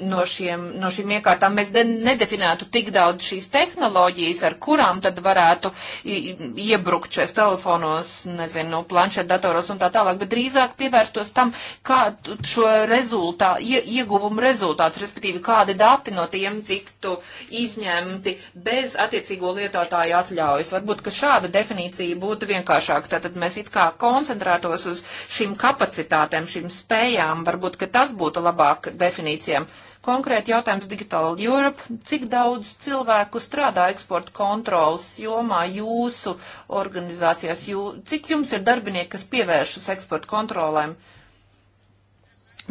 no, šiem, no šīm iekārtām. Mēs nedefinētu tik daudz šīs tehnoloģijas, ar kurām tad var varētu iebrukt šajos telefonos, nezinu, planšetdatoros un tā tālāk, bet drīzāk pievērstos tam, kā šo rezultā, ieguvumu rezultāts, respektīvi kādi dati no tiem tiktu izņemti bez attiecīgo lietotāju atļaujas. Varbūt, ka šāda definīcija būtu vienkāršāka. Tātad mēs it kā koncentrētos uz šīm kapacitātēm, šīm spējām, varbūt, ka tas būtu labāk definīcijām. Konkrēti jautājums Digital Europe. Cik daudz cilvēku strādā eksporta kontrolas jomā jūsu organizācijās? Jū, cik jums ir darbinieki, kas pievēršas eksporta kontrolēm?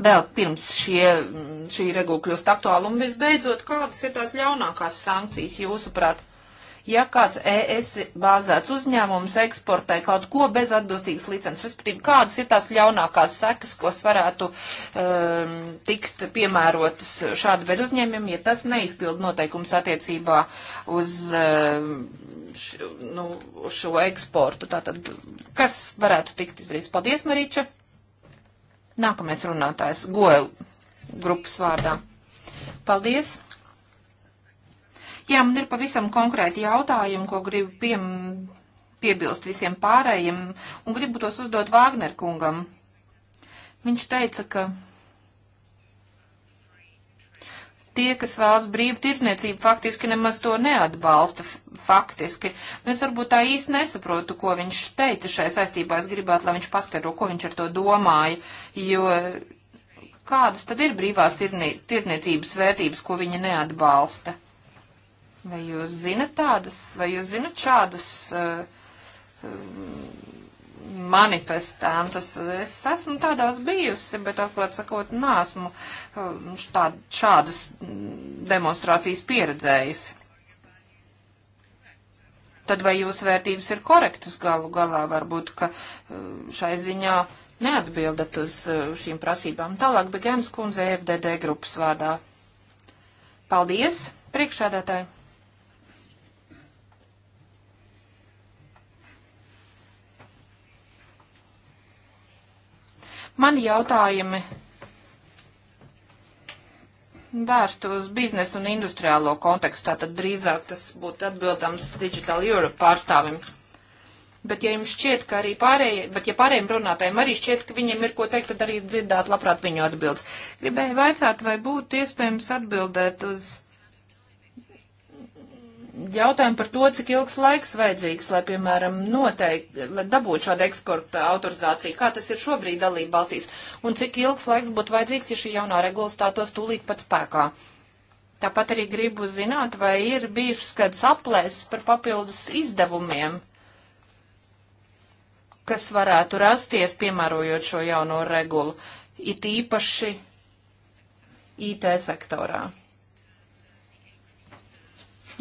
Vēl pirms šie, šī regula kļūst aktuāla un visbeidzot, kādas ir tās ļaunākās sankcijas jūsuprāt? ja kāds ES bāzēts uzņēmums eksportē kaut ko bez atbilstīgas licences, respektīvi, kādas ir tās ļaunākās sekas, kas varētu um, tikt piemērotas šāda veida uzņēmumiem, ja tas neizpild noteikums attiecībā uz um, š, nu, šo eksportu. Tātad, kas varētu tikt izdarīts? Paldies, Marīča! Nākamais runātājs, Goel grupas vārdā. Paldies! Jā, man ir pavisam konkrēti jautājumi, ko gribu piem, piebilst visiem pārējiem, un gribu tos uzdot Vāgner kungam. Viņš teica, ka tie, kas vēlas brīvu tirzniecību, faktiski nemaz to neatbalsta. Faktiski. Es varbūt tā īsti nesaprotu, ko viņš teica šai saistībā. Es gribētu, lai viņš paskaidro, ko viņš ar to domāja. Jo kādas tad ir brīvās tirzniecības vērtības, ko viņi neatbalsta? Vai jūs zinat tādas, vai jūs zinat šādus uh, manifestantus? Es esmu tādās bijusi, bet atklāt sakot, nāsmu uh, šādas demonstrācijas pieredzējusi. Tad vai jūsu vērtības ir korektas galu galā? Varbūt, ka uh, šai ziņā neatbildat uz uh, šīm prasībām. Tālāk bija Gēmas kundze FDD grupas vārdā. Paldies, priekšādātāji! Mani jautājumi vērst uz biznesu un industriālo kontekstu, tātad drīzāk tas būtu atbildams Digital Europe pārstāvim. Bet ja jums šķiet, ka arī pārējie, bet ja pārējiem runātājiem arī šķiet, ka viņiem ir ko teikt, tad arī dzirdāt labprāt viņu atbildes. Gribēju vaicāt, vai būtu iespējams atbildēt uz jautājumu par to, cik ilgs laiks vajadzīgs, lai, piemēram, noteikti, lai dabūtu šādu eksporta autorizāciju, kā tas ir šobrīd dalība valstīs, un cik ilgs laiks būtu vajadzīgs, ja šī jaunā regula stātos tūlīt pat spēkā. Tāpat arī gribu zināt, vai ir bijušas kādas aplēses par papildus izdevumiem, kas varētu rasties, piemērojot šo jauno regulu, it īpaši IT sektorā.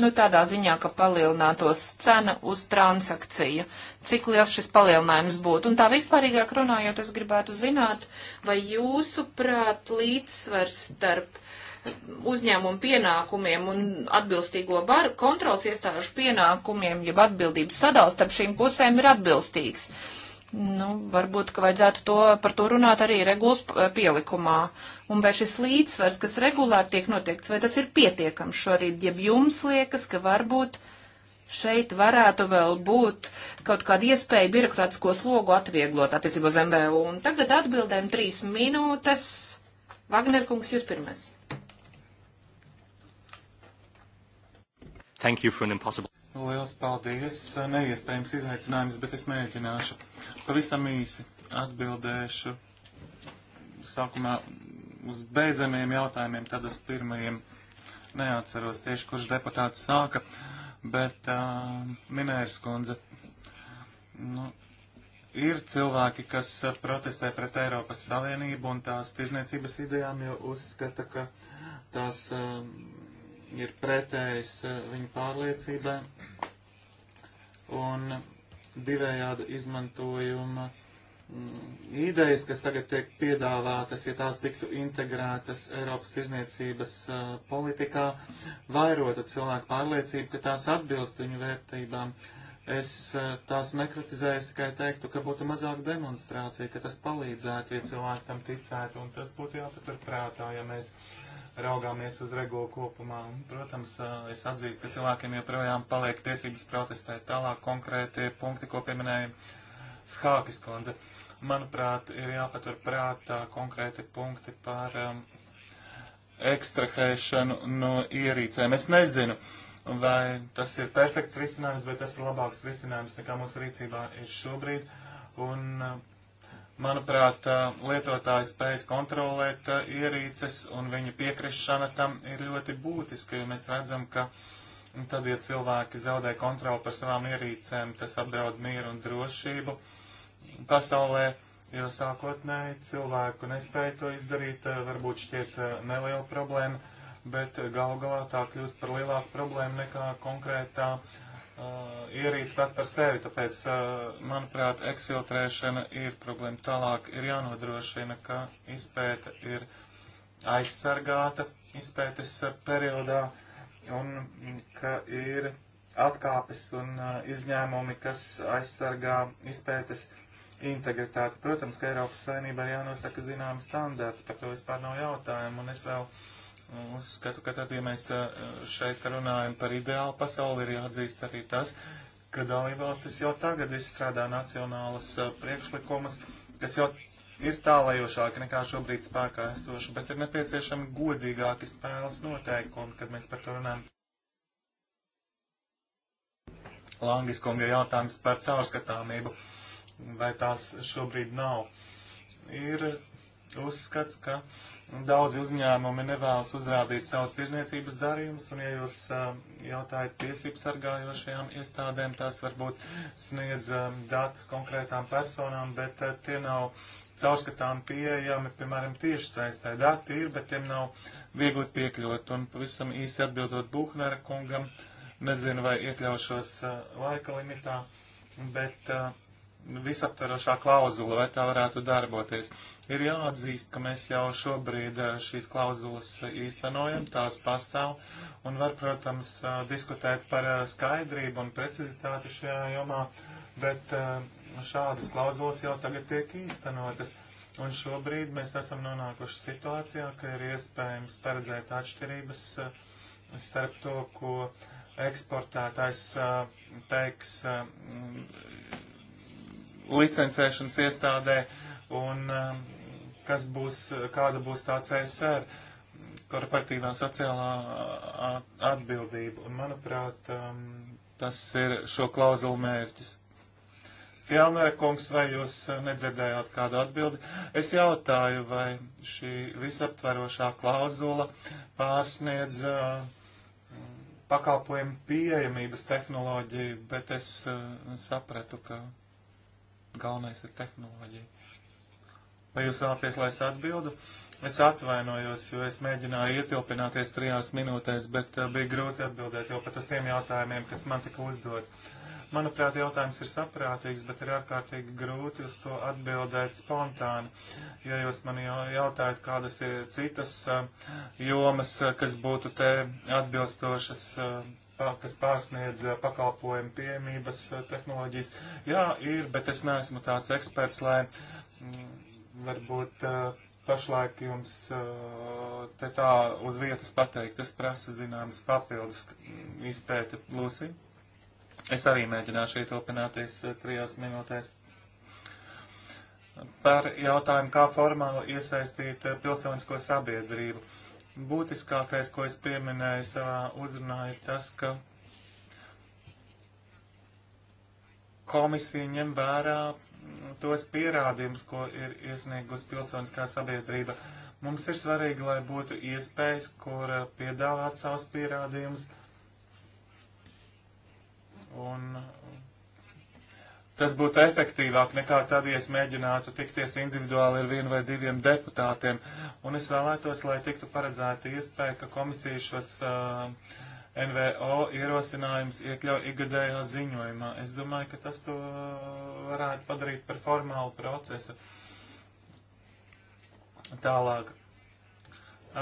Nu, tādā ziņā, ka palielinātos cena uz transakciju. Cik liels šis palielinājums būtu? Un tā vispārīgāk runājot, es gribētu zināt, vai jūsuprāt līdzsvers starp uzņēmumu pienākumiem un atbilstīgo var, kontrols iestāžu pienākumiem, jeb atbildības sadals starp šīm pusēm ir atbilstīgs. Uh, Nu, varbūt, ka vajadzētu to, par to runāt arī regulas eh, pielikumā. Un vai šis līdzsvars, kas regulāri tiek noteikts, vai tas ir pietiekams šorīt, ja jums liekas, ka varbūt šeit varētu vēl būt kaut kāda iespēja birokrātisko slogu atvieglot attiecībā uz MVU. Un tagad atbildēm trīs minūtes. Vagner kungs, jūs pirmais. Thank you for an impossible. Liels paldies! Neiespējams izaicinājums, bet es mēģināšu. Pavisam īsi atbildēšu sākumā uz beidzamiem jautājumiem, tad uz pirmajiem neatceros tieši, kurš deputāts sāka, bet uh, Minēras kundze. Nu, ir cilvēki, kas protestē pret Eiropas Savienību un tās tirzniecības idejām, jo uzskata, ka tās um, ir pretējs eh, viņa pārliecībai un divējāda izmantojuma mm, idejas, kas tagad tiek piedāvātas, ja tās tiktu integrētas Eiropas tirzniecības uh, politikā, vairota cilvēku pārliecību, ka tās atbilst viņu vērtībām. Es uh, tās nekritizēju, es tikai teiktu, ka būtu mazāk demonstrācija, ka tas palīdzētu, ja cilvēki tam ticētu, un tas būtu jāpatur prātā, ja mēs uh, raugāmies uz regulu kopumā. Protams, es atzīstu, ka cilvēkiem joprojām paliek tiesības protestēt tālāk konkrēti punkti, ko pieminēja Skākis kundze. Manuprāt, ir jāpatur prātā konkrēti punkti par um, ekstrahēšanu no ierīcēm. Es nezinu, vai tas ir perfekts risinājums, bet tas ir labāks risinājums nekā mūsu rīcībā ir šobrīd. Un, uh, Manuprāt, lietotāji spējas kontrolēt ierīces un viņu piekrišana tam ir ļoti būtiska, jo mēs redzam, ka tad, ja cilvēki zaudē kontroli par savām ierīcēm, tas apdraud mieru un drošību pasaulē, jo sākotnēji cilvēku nespēja to izdarīt, varbūt šķiet neliela problēma, bet gal galā tā kļūst par lielāku problēmu nekā konkrētā uh, Uh, ierīci pat par sevi, tāpēc, uh, manuprāt, eksfiltrēšana ir problēma. Tālāk ir jānodrošina, ka izpēta ir aizsargāta izpētes uh, periodā un mm, ka ir atkāpes un izņēmumi, kas aizsargā izpētes integritāti. Protams, ka Eiropas Savienībā ir jānosaka zināmi standarti, par to vispār nav jautājumu, un es vēl uzskatu, ka tad, ja mēs šeit runājam par ideālu pasauli, ir jāatzīst arī tas, ka dalībvalstis jau tagad izstrādā nacionālas priekšlikumas, kas jau ir tālajošāki nekā šobrīd spēkā esoši, bet ir nepieciešami godīgāki spēles noteikumi, kad mēs par to runājam. Langis kunga jautājums par caurskatāmību, vai tās šobrīd nav. Ir uzskats, ka uh, Daudzi uzņēmumi nevēlas uzrādīt savus tirzniecības darījumus, un ja jūs uh, jautājat tiesību sargājošajām iestādēm, tās varbūt sniedz uh, datus konkrētām personām, bet uh, tie nav caurskatām pieejami, piemēram, tieši saistē dati ir, bet tiem nav viegli piekļūt. Un pavisam īsi atbildot Buhnera kungam, nezinu, vai iekļaušos uh, laika limitā, bet. Uh, visaptverošā klauzula, vai tā varētu darboties. Ir jāatzīst, ka mēs jau šobrīd eh, šīs klauzulas īstenojam, tās pastāv, un var, protams, eh, diskutēt par eh, skaidrību un precizitāti šajā jomā, bet šādas klauzulas jau tagad tiek īstenotas. Un šobrīd mēs esam nonākuši situācijā, ka ir iespējams paredzēt atšķirības starp to, ko eksportētājs teiks licencēšanas iestādē un um, kas būs, kāda būs tā CSR korporatīvā sociālā atbildība. Un, manuprāt, um, tas ir šo klauzulu mērķis. Fjellner kungs, vai jūs uh, nedzirdējāt kādu atbildi? Es jautāju, vai šī visaptverošā klauzula pārsniedz uh, pakalpojumu pieejamības tehnoloģiju, bet es uh, sapratu, ka galvenais ir tehnoloģija. Vai jūs vēlaties, lai es atbildu? Es atvainojos, jo es mēģināju ietilpināties trijās minūtēs, bet uh, bija grūti atbildēt jau pat uz tiem jautājumiem, kas man tika uzdot. Manuprāt, jautājums ir saprātīgs, bet ir ārkārtīgi grūti uz to atbildēt spontāni. Ja jūs man jautājat, kādas ir citas uh, jomas, uh, kas būtu te atbilstošas uh, kas pārsniedz pakalpojumu piemības tehnoloģijas. Jā, ir, bet es neesmu tāds eksperts, lai m, mm, varbūt pašlaik jums te tā uz vietas pateikt. Tas prasa zināmas papildus mm, izpēte, Lūsija. Es arī mēģināšu ietilpināties trijās minūtēs. Par jautājumu, kā formāli iesaistīt pilsonisko sabiedrību. Uh, būtiskākais, ko es pieminēju savā uzrunā, ir tas, ka komisija ņem vērā tos pierādījumus, ko ir iesniegusi pilsoniskā sabiedrība. Mums ir svarīgi, lai būtu iespējas, kur uh, piedāvāt savus pierādījumus. Un Tas būtu efektīvāk nekā tad, ja es mēģinātu tikties individuāli ar vienu vai diviem deputātiem. Un es vēlētos, lai tiktu paredzēta iespēja, ka komisija šos uh, NVO ierosinājums iekļauj ikgadējā ziņojumā. Es domāju, ka tas to varētu padarīt par formālu procesu. Tālāk.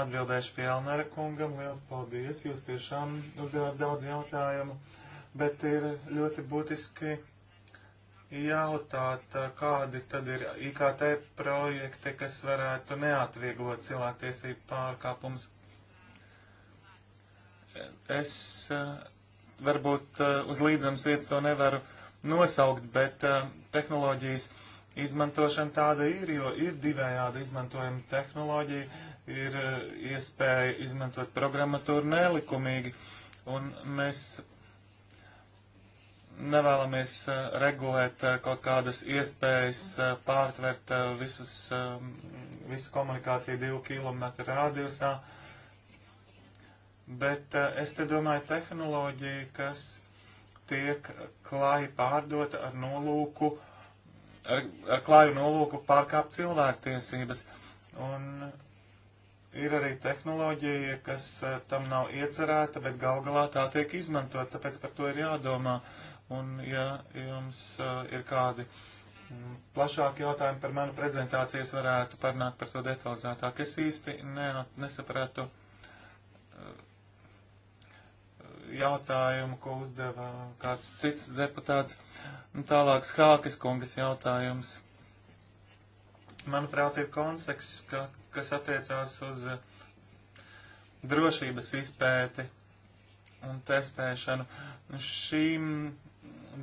Atbildēšu pie Elnara kungam. Liels paldies! Jūs tiešām uzdevāt daudz jautājumu, bet ir ļoti būtiski jautāt, kādi tad ir IKT projekti, kas varētu neatvieglot cilvēktiesību pārkāpumus. Es eh, varbūt eh, uz līdzenas vietas to nevaru nosaukt, bet eh, tehnoloģijas izmantošana tāda ir, jo ir divējādi izmantojama tehnoloģija, ir iespēja izmantot programmatūru nelikumīgi, un mēs nevēlamies eh, regulēt eh, kaut kādas iespējas eh, pārtvert visus, visu komunikāciju divu kilometru rādījusā, bet es te domāju tehnoloģiju, kas tiek klāji pārdota ar nolūku, ar, ar klāju nolūku pārkāpt cilvēktiesības. Un ir arī tehnoloģija, kas tam nav iecerēta, bet gal galā tā tiek izmantot, tāpēc par to ir jādomā. Uh, Un, ja jums uh, ir kādi mm, plašāki jautājumi par manu prezentāciju, es varētu parunāt par to detalizētāk. Es īsti ne, nesapratu eh, jautājumu, ko uzdeva kāds cits deputāts. Tālāk Skākas kungas jautājums. Manuprāt, ir konteksts, ka, kas attiecās uz eh, drošības izpēti un testēšanu. Šīm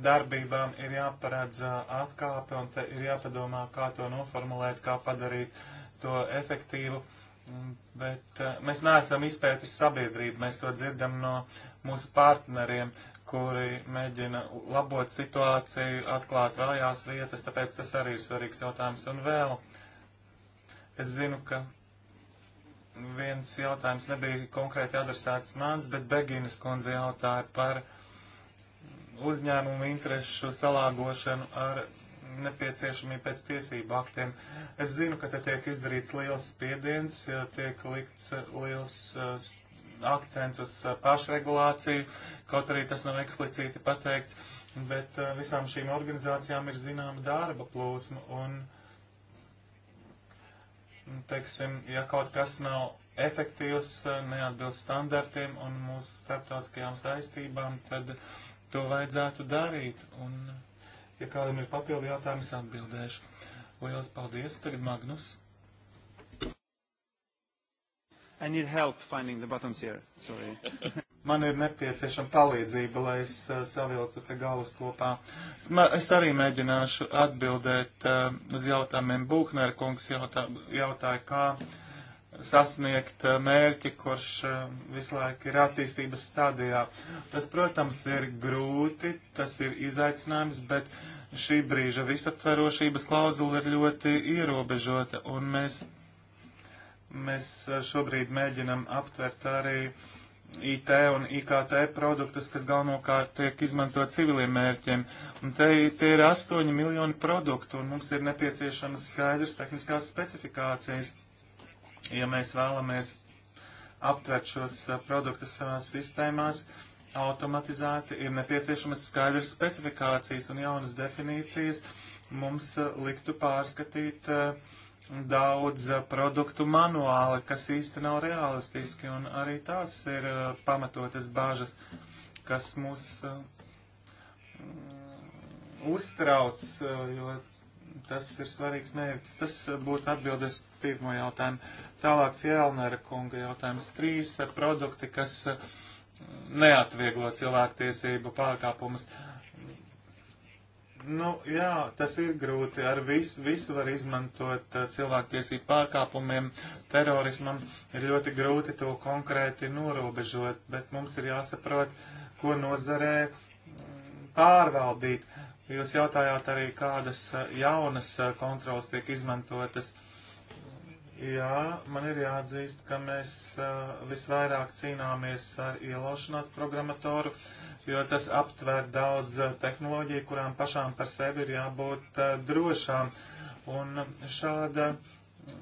darbībām ir jāparedz atkāpe un te ir jāpadomā, kā to noformulēt, kā padarīt to efektīvu. Mm, bet mēs neesam izpētis sabiedrību, mēs to dzirdam no mūsu partneriem, kuri mēģina labot situāciju, atklāt vājās vietas, tāpēc tas arī ir svarīgs jautājums. Un vēl es zinu, ka viens jautājums nebija konkrēti adresēts mans, bet Beginas kundze jautāja par uh, uzņēmumu interesu salāgošanu ar nepieciešamību pēc tiesību aktiem. Es zinu, ka te tiek izdarīts liels spiediens, tiek likts eh, liels eh, akcents uz eh, pašregulāciju, kaut arī tas nav eksplicīti pateikts, bet visām šīm organizācijām ir zināma darba plūsma un, teiksim, ja kaut kas nav efektīvs, neatbilst standartiem un mūsu starptautiskajām saistībām, tad uh, to vajadzētu darīt. Un, ja kādam ir papildu jautājumi, es atbildēšu. Lielas paldies. Tagad Magnus. I need help finding the buttons here. Sorry. [LAUGHS] Man ir nepieciešama palīdzība, lai es uh, savilktu te galus kopā. Es, ma, es arī mēģināšu atbildēt uh, uz jautājumiem. Būkner kungs jautā, jautāja, kā sasniegt eh, mērķi, kurš eh, visu laiku ir attīstības stadijā. Tas, protams, ir grūti, tas ir izaicinājums, bet šī brīža visaptverošības klauzula ir ļoti ierobežota, un mēs, mēs eh, šobrīd mēģinam aptvert arī IT un IKT produktus, kas galvenokārt tiek izmanto civiliem mērķiem. Un te, te ir astoņi miljoni produktu, un mums ir nepieciešamas skaidrs tehniskās specifikācijas Ja mēs vēlamies aptvert šos eh, produktus savās sistēmās, automatizēti ir nepieciešamas skaidras specifikācijas un jaunas definīcijas. Mums eh, liktu pārskatīt eh, daudz produktu manuāli, kas īsti nav realistiski, un arī tās ir pamatotas bāžas, kas mūs uztrauc, jo tas ir svarīgs mērķis. Tas būtu atbildes pirmo jautājumu. Tālāk Fjellnera kunga jautājums trīs produkti, kas eh, neatvieglo cilvēktiesību pārkāpumus. Nu, jā, tas ir grūti. Ar visu, visu var izmantot eh, cilvēktiesību pārkāpumiem, terorismam. Ir ļoti grūti to konkrēti norobežot, bet mums ir jāsaprot, ko nozarē mm, pārvaldīt. Jūs jautājāt arī, kādas eh, jaunas kontrolas tiek izmantotas. Uh, Jā, man ir jāatzīst, ka mēs uh, visvairāk cīnāmies ar ielaušanās programmatoru, jo tas aptver daudz uh, tehnoloģiju, kurām pašām par sevi ir jābūt uh, drošām. Un šāda mm,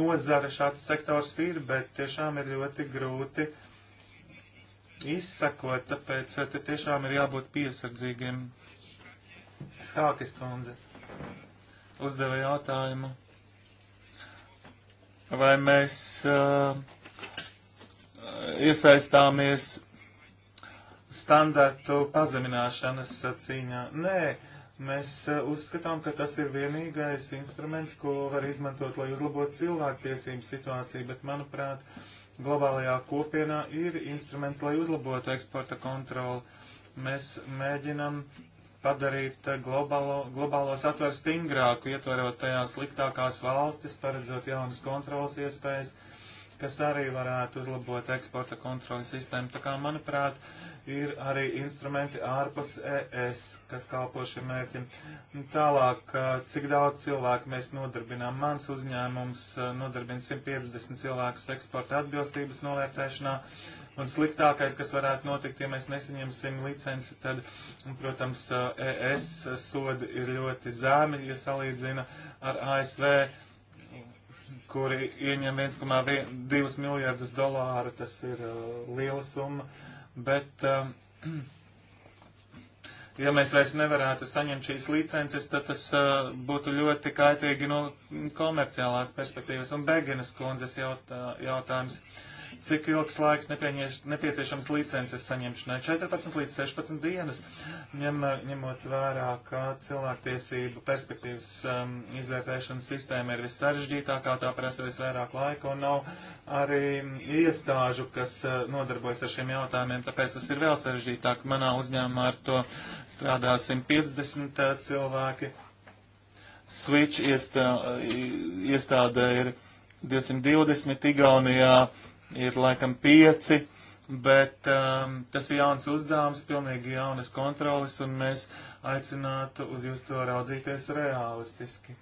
nozara, šāds sektors ir, bet tiešām ir ļoti grūti izsakot, tāpēc te tiešām ir jābūt piesardzīgiem. Skākis kundze uzdeva jautājumu vai mēs uh, iesaistāmies standartu pazemināšanas cīņā. Nē, mēs uh, uzskatām, ka tas ir vienīgais instruments, ko var izmantot, lai uzlabotu cilvēktiesību situāciju, bet, manuprāt, globālajā kopienā ir instrumenti, lai uzlabotu eksporta kontroli. Mēs mēģinam uh, padarīt eh, globālo, globālo satveru stingrāku, ietverot tajā sliktākās valstis, paredzot jaunas kontrolas iespējas, kas arī varētu uzlabot eksporta kontrolas sistēmu. Tā kā, manuprāt, ir arī instrumenti ārpus ES, kas kalpo šim mērķim. Tālāk, eh, cik daudz cilvēku mēs nodarbinām. Mans uzņēmums eh, nodarbina 150 cilvēkus eksporta atbilstības novērtēšanā. Uh, Un sliktākais, kas varētu notikt, ja mēs nesaņemsim licenci, tad, protams, ES sodi ir ļoti zemi, ja salīdzina ar ASV, kuri ieņem 1,2 miljardus dolāru. Tas ir uh, liela summa. Bet, uh, [CLEARS THROAT] ja mēs vairs nevarētu saņemt šīs licences, tad tas uh, būtu ļoti kaitīgi no nu, komerciālās perspektīvas. Un Beginas kundzes jautā, jautājums. Uh, cik ilgs laiks nepieciešams licences saņemšanai - 14 līdz 16 dienas, ņem, ņemot vērā, ka cilvēktiesību perspektīvas um, izvērtēšanas sistēma ir vissarežģītākā, tā prasa visvairāk laika un nav arī iestāžu, kas uh, nodarbojas ar šiem jautājumiem, tāpēc tas ir vēl sarežģītāk. Manā uzņēmumā ar to strādā 150 uh, cilvēki. Switch iestā, uh, iestāde ir 220 Igaunijā, ir laikam pieci, bet um, tas ir jauns uzdevums, pilnīgi jaunas kontrolas, un mēs aicinātu uz jūs to raudzīties realistiski.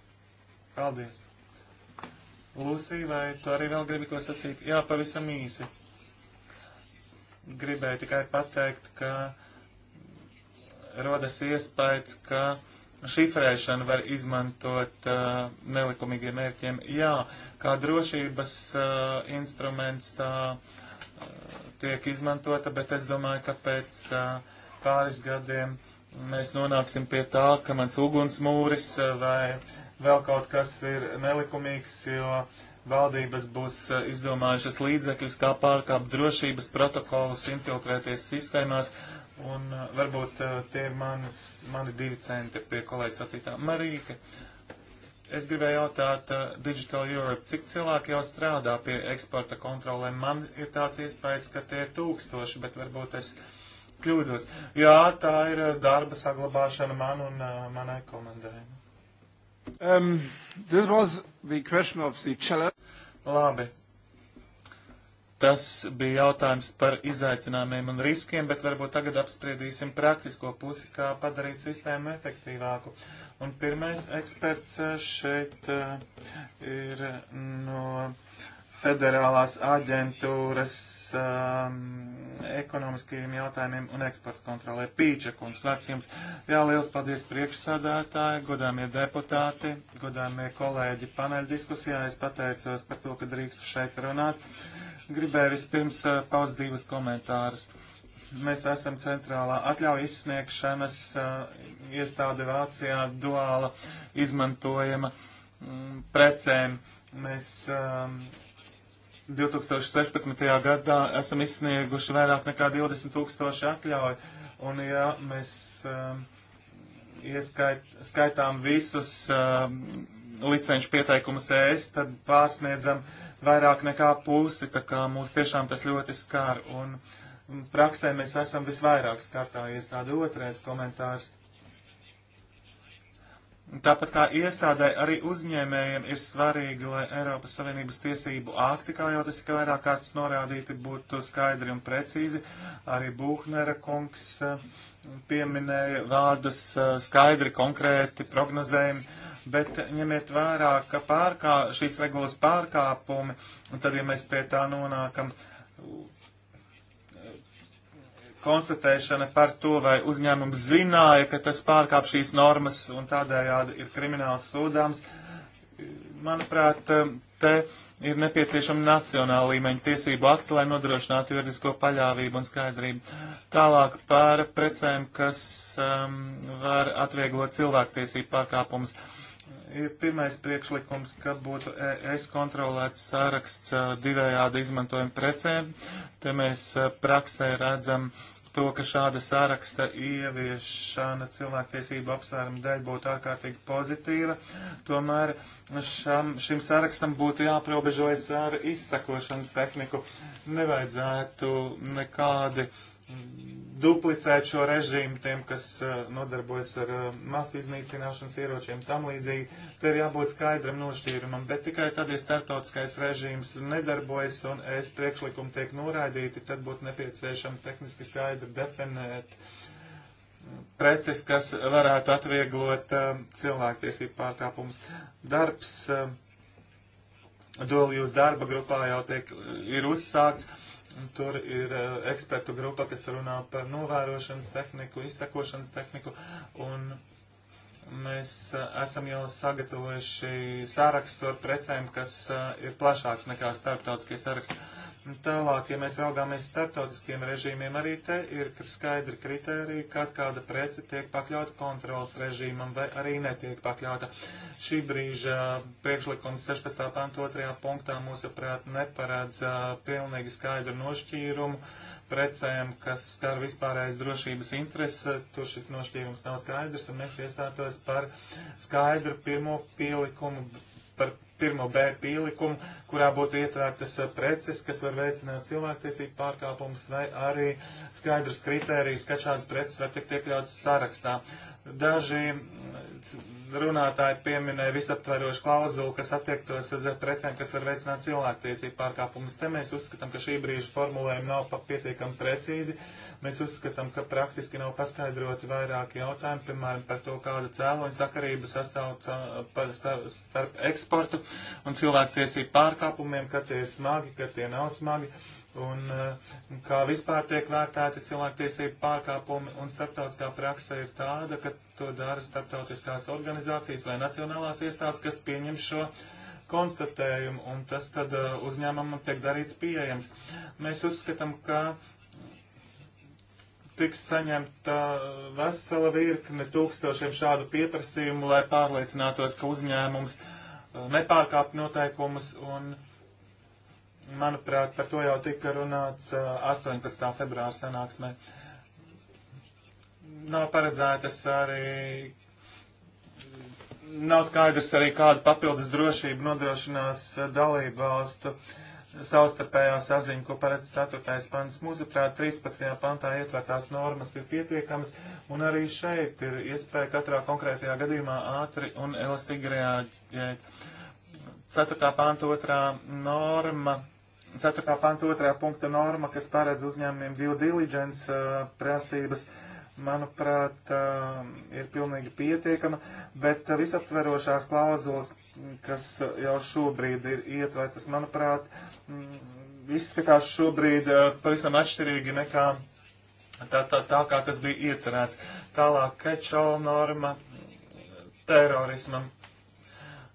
Paldies! Lūsija, vai tu arī vēl gribi ko sacīt? Jā, pavisam īsi. Gribēju tikai pateikt, ka rodas iespējas, ka šifrēšanu var izmantot uh, nelikumīgiem mērķiem. Jā, kā drošības uh, instruments tā uh, tiek izmantota, bet es domāju, ka pēc uh, pāris gadiem mēs nonāksim pie tā, ka mans ugunsmūris uh, vai vēl kaut kas ir nelikumīgs, jo valdības būs uh, izdomājušas līdzekļus, kā pārkāpt drošības protokolus, infiltrēties sistēmās. Uh, Un uh, varbūt uh, tie ir manas, mani divi centi pie kolēģis sacītā. Marīte, es gribēju jautāt uh, Digital Europe, cik cilvēki jau strādā pie eksporta kontrolēm? Man ir tāds iespējas, ka tie ir tūkstoši, bet varbūt es kļūdos. Jā, tā ir uh, darba saglabāšana man un uh, manai komandai. Um, this was the question of the challenge. Labi, Tas bija jautājums par izaicinājumiem un riskiem, bet varbūt tagad apspriedīsim praktisko pusi, kā padarīt sistēmu efektīvāku. Un pirmais eksperts eh, šeit eh, ir no federālās aģentūras um, ekonomiskajiem jautājumiem un eksporta kontrolē. Pīča kungs, vārds jums. Jā, liels paldies priekšsādātāji, godāmie deputāti, godāmie kolēģi paneļdiskusijā. Es pateicos par to, ka drīkstu šeit runāt. Uh, Gribēju vispirms eh, paust divus komentārus. Mēs esam centrālā atļauja izsniegšanas eh, iestāde Vācijā duāla izmantojama m, mm, precēm. Mēs m, ehm, 2016. gadā esam izsnieguši vairāk nekā 20 tūkstoši atļauju. Un, ja mēs um, ieskait, skaitām visus um, licenšu pieteikumus ES, tad pārsniedzam vairāk nekā pusi, tā kā mūs tiešām tas ļoti skār. Un praksē mēs esam visvairāk skartājies tāda otrais komentārs. Tāpat kā iestādē, arī uzņēmējiem ir svarīgi, lai Eiropas Savienības tiesību akti, kā jau tas ir vairāk kārtas norādīti, būtu skaidri un precīzi. Arī Buhnera kungs eh, pieminēja vārdus eh, skaidri, konkrēti, prognozējumi bet ņemiet vērā, ka pārkā, šīs regulas pārkāpumi, un tad, ja mēs pie tā nonākam, konstatēšana par to, vai uzņēmums zināja, ka tas pārkāp šīs normas un tādējādi ir krimināls sūdāms, manuprāt, te ir nepieciešama nacionāla līmeņa tiesību akti, lai nodrošinātu juridisko paļāvību un skaidrību. Tālāk par precēm, kas um, var atvieglot cilvēktiesību pārkāpumus. Uh, ir pirmais priekšlikums, ka būtu ES kontrolēts sāraksts divējādi izmantojumu precēm. Te mēs praksē redzam to, ka šāda sāraksta ieviešana cilvēktiesību apsvērumu dēļ būtu ārkārtīgi pozitīva. Tomēr šam, šim sārakstam būtu jāprobežojas ar izsakošanas tehniku. Nevajadzētu nekādi uh, duplicēt šo režīmu tiem, kas eh, nodarbojas ar eh, masu iznīcināšanas ieročiem, tam līdzīgi. Te ir jābūt skaidram nošķīrumam, bet tikai tad, ja starptautiskais režīms nedarbojas un es priekšlikumi tiek noraidīti, tad būtu nepieciešama tehniski skaidri definēt eh, preces, kas varētu atvieglot uh, cilvēktiesību pārkāpumus. Darbs uh, Dolijus darba grupā jau tiek, ir uzsākts Tur ir eh, ekspertu grupa, kas runā par novērošanas tehniku, izsekošanas tehniku, un mēs eh, esam jau sagatavojuši sārakstu ar precēm, kas eh, ir plašāks nekā starptautiskie saraksti. Tālāk, ja mēs raugāmies starptautiskiem režīmiem, arī te ir skaidri kriteriji, kad kāda prece tiek pakļauta kontrolas režīmam vai arī netiek pakļauta. Šī brīža priekšlikums 16. pantu 2. punktā mūsuprāt neparedz pilnīgi skaidru nošķīrumu precēm, kas skar vispārējais drošības interesi. Tur šis nošķīrums nav skaidrs un mēs iestātos par skaidru pirmo pielikumu par pirmo B pielikumu, kurā būtu ietvērtas eh, preces, kas var veicināt cilvēktiesību pārkāpumus, vai arī skaidrs kriterijs, ka šādas preces var tikt iekļautas sarakstā. Daži mm, runātāji pieminēja visaptverošu klauzulu, kas attiektos uz precēm, kas var veicināt cilvēktiesību pārkāpumus. Te mēs uzskatām, ka šī brīža formulējuma nav pietiekami precīzi. Uh, Mēs uzskatām, ka praktiski nav paskaidroti vairāki jautājumi, piemēram, par to, kāda cēloņa sakarība sastāv starp eksportu un cilvēktiesību pārkāpumiem, kad tie ir smagi, kad tie nav smagi. Un uh, kā vispār tiek vērtēti cilvēktiesību pārkāpumi, un starptautiskā praksa ir tāda, ka to dara starptautiskās organizācijas vai nacionālās iestādes, kas pieņem šo konstatējumu, un tas tad uh, uzņēmumam tiek darīts pieejams. Mēs uzskatām, ka tiks saņemta vesela virkne tūkstošiem šādu pieprasījumu, lai pārliecinātos, ka uzņēmums uh, nepārkāp noteikumus. Un, manuprāt, par to jau tika runāts 18. Uh, februāra sanāksmē. Nav paredzētas arī. Nav skaidrs arī, kādu papildus drošību nodrošinās uh, dalību valstu uh, savstarpējā saziņa, ko paredz 4. pants. Mūsuprāt, 13. pantā ietvertās normas ir pietiekamas, un arī šeit ir iespēja katrā konkrētajā gadījumā ātri un elastīgi reaģēt. 4. panta 2. norma. 4. panta 2. punkta norma, kas paredz uzņēmumiem due diligence uh, prasības, manuprāt, uh, ir pilnīgi pietiekama, bet uh, visaptverošās klauzulas kas jau šobrīd ir ietvērtas, manuprāt, mm, izskatās šobrīd eh, pavisam atšķirīgi nekā tā, tā, tā kā tas bija iecerēts. Tālāk, kečola norma terorismam.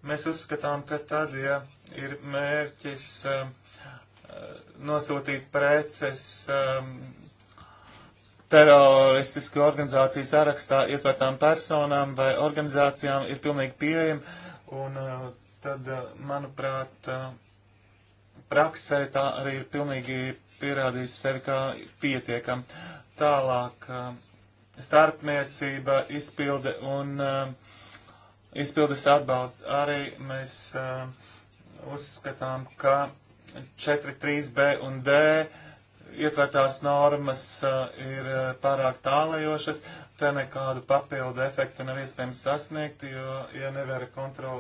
Mēs uzskatām, ka tad, ja ir mērķis eh, nosūtīt preces eh, teroristisku organizāciju sarakstā ietvertām personām vai organizācijām, ir pilnīgi pieejama Un eh, tad, eh, manuprāt, eh, praksē tā arī ir pilnīgi pierādījusi sevi kā pietiekam. Tālāk starpniecība, izpilde un izpildes atbalsts arī mēs uzskatām, ka 4, 3b un d ietvērtās normas ir pārāk tālajošas, te nekādu papildu efektu nav iespējams sasniegt, jo, ja nevar kontrol,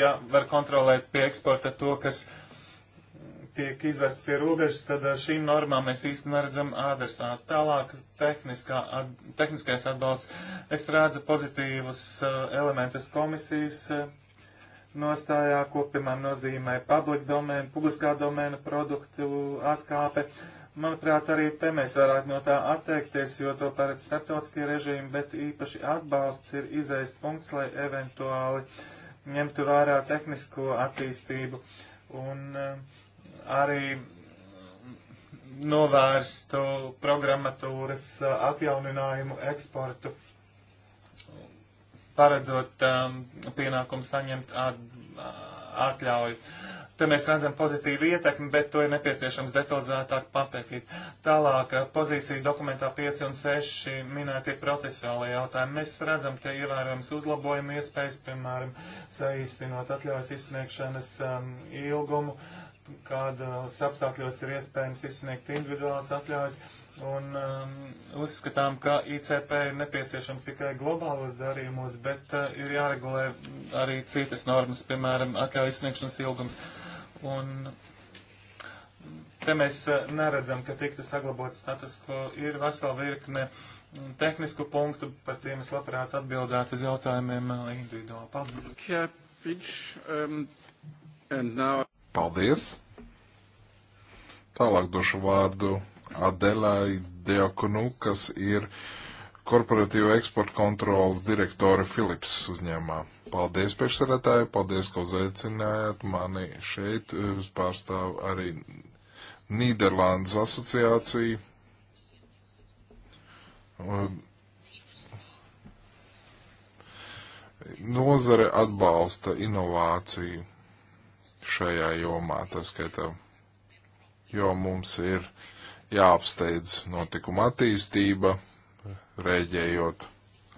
ja var kontrolēt pie eksporta to, kas tiek izvests pie robežas, tad šīm normām mēs īsti neredzam adresātu. Tālāk tehniskā, ad, tehniskais atbalsts. Es redzu pozitīvus uh, elementus komisijas uh, nostājā, ko, piemēram, nozīmē public domēna, publiskā domēna produktu atkāpe. Uh, Manuprāt, arī te mēs varētu no tā atteikties, jo to paredz starptautiskie režīmi, bet īpaši atbalsts ir izējas punkts, lai eventuāli ņemtu vērā tehnisko attīstību un eh, arī novērstu programmatūras eh, atjauninājumu eksportu, paredzot um, pienākumu saņemt at, atļauju. Uh, Te mēs redzam pozitīvu ietekmi, bet to ir nepieciešams detalizētāk papētīt. Tālāk eh, pozīcija dokumentā 5 un 6 minētie procesuālie jautājumi. Mēs redzam, ka ievērojams uzlabojumu iespējas, piemēram, saīsinot atļaujas izsniegšanas um, ilgumu, kādos eh, apstākļos ir iespējams izsniegt individuālas atļaujas. Un um, uzskatām, ka ICP ir nepieciešams tikai globālos darījumos, bet uh, ir jāregulē arī citas normas, piemēram, atļaujas sniegšanas ilgums. Uh, Un te mēs eh, neredzam, ka tiktu saglabot status, ko ir vesela virkne tehnisku punktu, par tiem es labprāt atbildētu uz jautājumiem eh, individuāli. Paldies! Um, Paldies! Tālāk došu vārdu Adelai Deokunu, kas ir korporatīva eksporta kontrolas direktore Philips uzņēmumā. Paldies, priekšsarētāji, paldies, ka uzaicinājāt mani šeit. Es eh, pārstāvu arī Nīderlandes asociāciju. Um, nozare atbalsta inovāciju šajā jomā, tas skaitā, jo mums ir jāapsteidz notikuma attīstība, rēģējot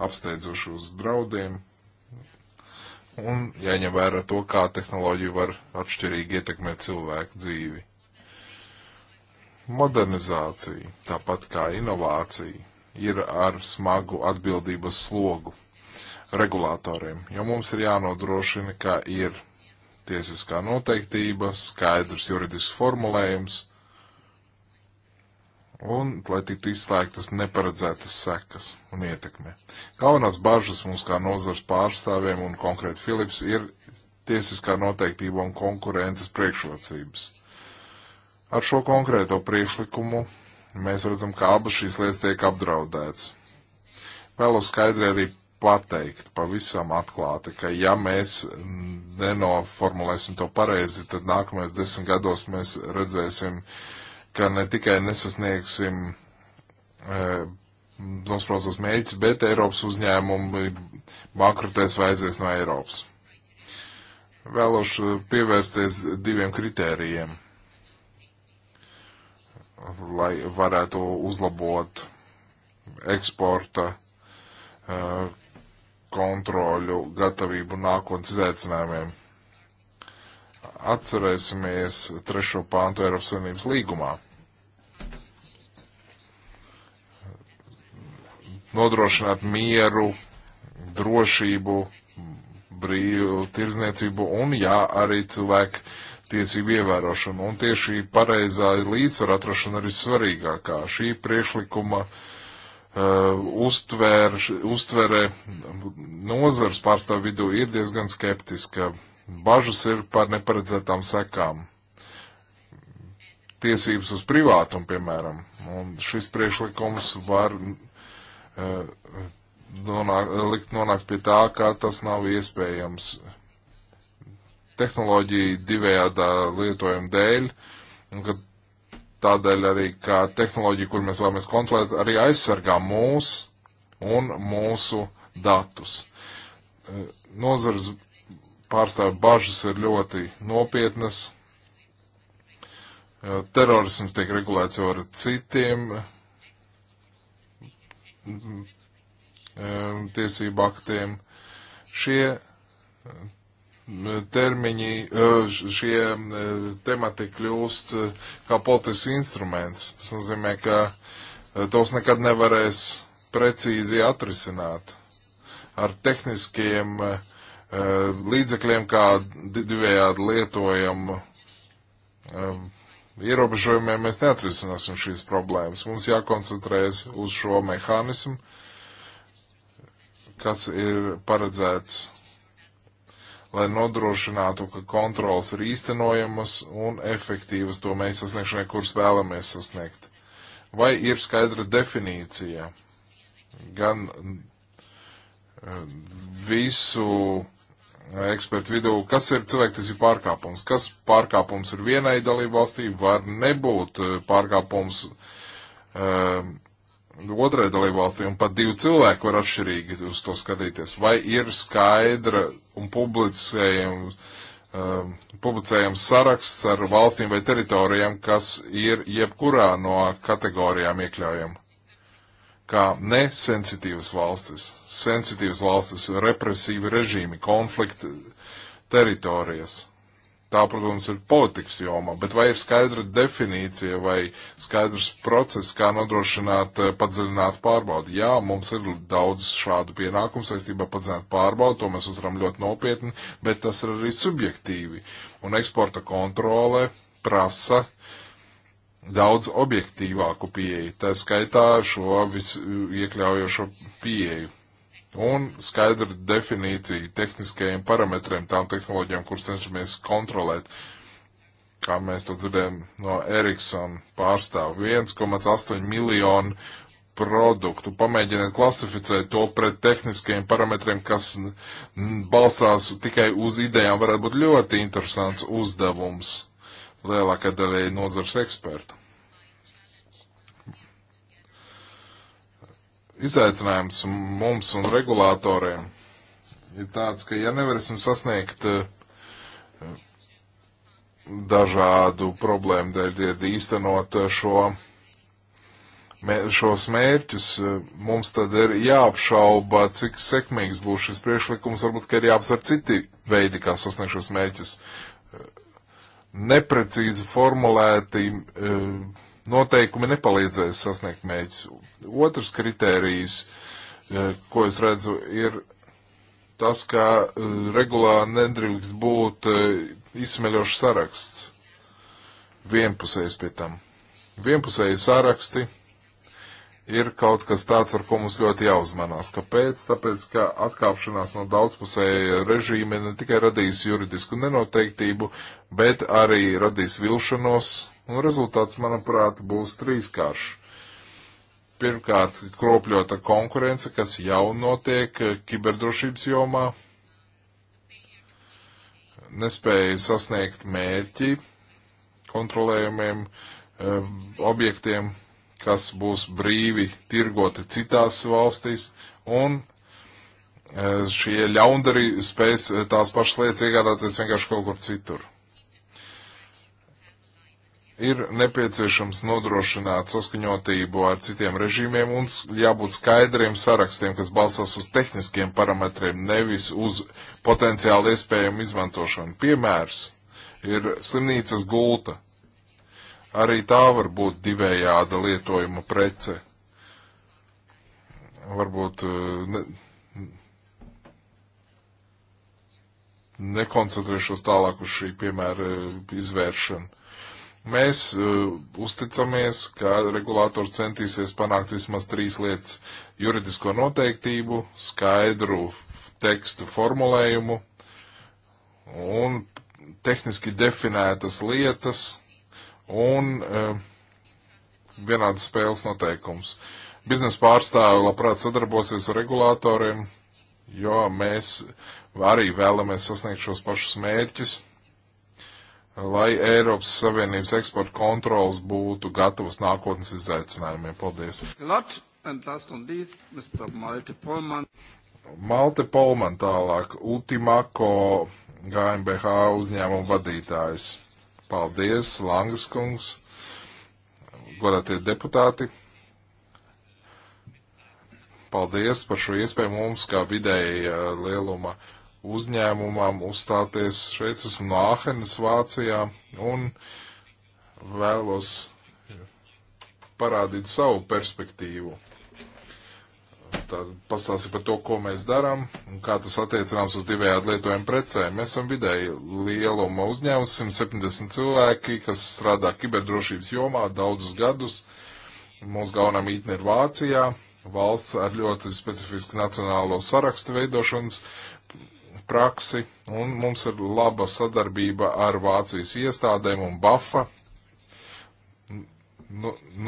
apsteidzuši uz draudiem, un jāņem vērā to, kā tehnoloģija var atšķirīgi ietekmēt cilvēku dzīvi. Modernizācija, tāpat kā inovācija, ir ar smagu atbildības slogu regulātoriem, jo mums ir jānodrošina, ka ir tiesiskā noteiktība, skaidrs juridisks formulējums, un lai tiktu izslēgtas neparedzētas sekas un ietekme. Galvenās bažas mums kā nozars pārstāvjiem un konkrēti Philips ir tiesiskā noteiktība un konkurences priekšrocības. Ar šo konkrēto priekšlikumu mēs redzam, ka abas šīs lietas tiek apdraudētas. Vēlos skaidri arī pateikt pavisam atklāti, ka ja mēs nenoformulēsim to pareizi, tad nākamais desmit gados mēs redzēsim uh, ka ne tikai nesasniegsim e, nosprostos mēģus, bet Eiropas uzņēmumi bankrotēs vai aizies no Eiropas. Vēlos e, pievērsties diviem kritērijiem, lai varētu uzlabot eksporta uh, kontroļu gatavību nākotnes izaicinājumiem. Atcerēsimies trešo pāntu Eiropas Savienības līgumā, nodrošināt mieru, drošību, brīvu tirzniecību un, jā, arī cilvēku tiesību ievērošanu. Un tieši pareizā līdzsvara atrašana arī svarīgākā. Šī priešlikuma uh, uztver, uztvere nozars pārstāv vidū ir diezgan skeptiska. Bažas ir par neparedzētām sekām. Tiesības uz privātumu, piemēram. Un šis priešlikums var Eh, nonāk, likt nonākt pie tā, ka tas nav iespējams tehnoloģiju divējādā lietojuma dēļ, un ka tādēļ arī kā tehnoloģija, kur mēs vēlamies kontrolēt, arī aizsargā mūs un mūsu datus. Eh, nozars pārstāvju bažas ir ļoti nopietnas. Eh, terorisms tiek regulēts jau ar citiem Mhm. tiesību aktiem. Šie termiņi, šie temati kļūst e, kā politisks instruments. Tas nozīmē, ka e, tos nekad nevarēs precīzi atrisināt ar tehniskiem e, līdzekļiem, kā divējādi lietojam ierobežojumiem mēs neatrisināsim šīs problēmas. Mums jākoncentrējas uz šo mehānismu, kas ir paredzēts, lai nodrošinātu, ka kontrols ir īstenojamas un efektīvas to mēs sasniegšanai, kuras vēlamies sasniegt. Vai ir skaidra definīcija gan eh, visu Eh, ekspertu vidū, kas ir cilvēktiesību pārkāpums. Kas pārkāpums ir vienai dalību valstī, var nebūt eh, pārkāpums um, eh, otrai dalību valstī, un pat divi cilvēki var atšķirīgi uz to skatīties. Vai ir skaidra un publicējama um, publicējams saraksts ar valstīm vai teritorijām, kas ir jebkurā no kategorijām iekļaujama? kā nesensitīvas valstis, sensitīvas valstis, represīvi režīmi, konflikti teritorijas. Tā, protams, ir politikas joma, bet vai ir skaidra definīcija vai skaidrs process, kā nodrošināt eh, padziļinātu pārbaudu? Jā, mums ir daudz šādu pienākumu saistībā padziļināt pārbaudu, to mēs uzram ļoti nopietni, bet tas ir arī subjektīvi. Un eksporta kontrole prasa uh, daudz objektīvāku pieeju, tā skaitā šo visiekļaujošo pieeju un skaidru definīciju tehniskajiem parametriem, tām tehnoloģijām, kuras cenšamies kontrolēt, kā mēs to dzirdējam no Ericsson pārstāv. 1,8 miljonu produktu. Pamēģiniet klasificēt to pret tehniskajiem parametriem, kas balstās tikai uz idejām, varētu būt ļoti interesants uzdevums lielākai daļai nozars ekspertu. Izaicinājums mums un regulātoriem ir tāds, ka ja nevarēsim sasniegt eh, dažādu problēmu dēļ, ja īstenot šo šos mērķus, eh, mums tad ir jāapšauba, cik sekmīgs būs šis priekšlikums, varbūt, ka ir jāapsver citi veidi, kā sasniegt šos mērķus neprecīzi formulēti e, noteikumi nepalīdzēs sasniegt mēģis. Otrs kritērijs, e, ko es redzu, ir tas, ka e, regulāri nedrīkst būt izsmeļošs saraksts. Vienpusējs pie tam. Vienpusēji saraksti ir kaut kas tāds, ar ko mums ļoti jāuzmanās. Kāpēc? Tāpēc, ka atkāpšanās no daudzpusēja režīma ne tikai radīs juridisku nenoteiktību, bet arī radīs vilšanos, un rezultāts, manuprāt, būs trīskāršs. Pirmkārt, kropļota konkurence, kas jau notiek kiberdrošības jomā, nespēja sasniegt mērķi kontrolējumiem um, objektiem kas būs brīvi tirgoti citās valstīs, un e, šie ļaundari spēs e, tās pašas lietas iegādāties vienkārši kaut kur citur. Ir nepieciešams nodrošināt saskaņotību ar citiem režīmiem un jābūt skaidriem sarakstiem, kas balstās uz tehniskiem parametriem, nevis uz potenciāli iespējamu izmantošanu. Piemērs ir slimnīcas gulta. Arī tā var būt divējāda lietojuma prece. Varbūt uh, ne, nekoncentrēšos tālāk uz šī piemēra uh, izvēršanu. Mēs uh, uzticamies, ka regulātors centīsies panākt vismaz trīs lietas - juridisko noteiktību, skaidru tekstu formulējumu un tehniski definētas lietas, un eh, vienādas spēles noteikums. Biznesa pārstāvi labprāt sadarbosies ar regulātoriem, jo mēs arī vēlamies sasniegt šos pašus mērķus, lai Eiropas Savienības eksporta kontrols būtu gatavas nākotnes izaicinājumiem. Paldies! Malte Polman tālāk, Ultimako GmbH uzņēmuma vadītājs. Paldies, Langas kungs, godātie deputāti. Paldies par šo iespēju mums, kā vidēja lieluma uzņēmumam, uzstāties šeit. Esmu no Āhenes, Vācijā, un vēlos parādīt savu perspektīvu pastāstīja par to, ko mēs darām un kā tas attiecināms uz divējādi lietojumu precēm. Mēs esam vidēji lieluma uzņēmums, 170 cilvēki, kas strādā kiberdrošības jomā daudzus gadus. Mūsu galvenā mītne ir Vācijā, valsts ar ļoti specifisku nacionālo sarakstu veidošanas praksi, un mums ir laba sadarbība ar Vācijas iestādēm un BAFA.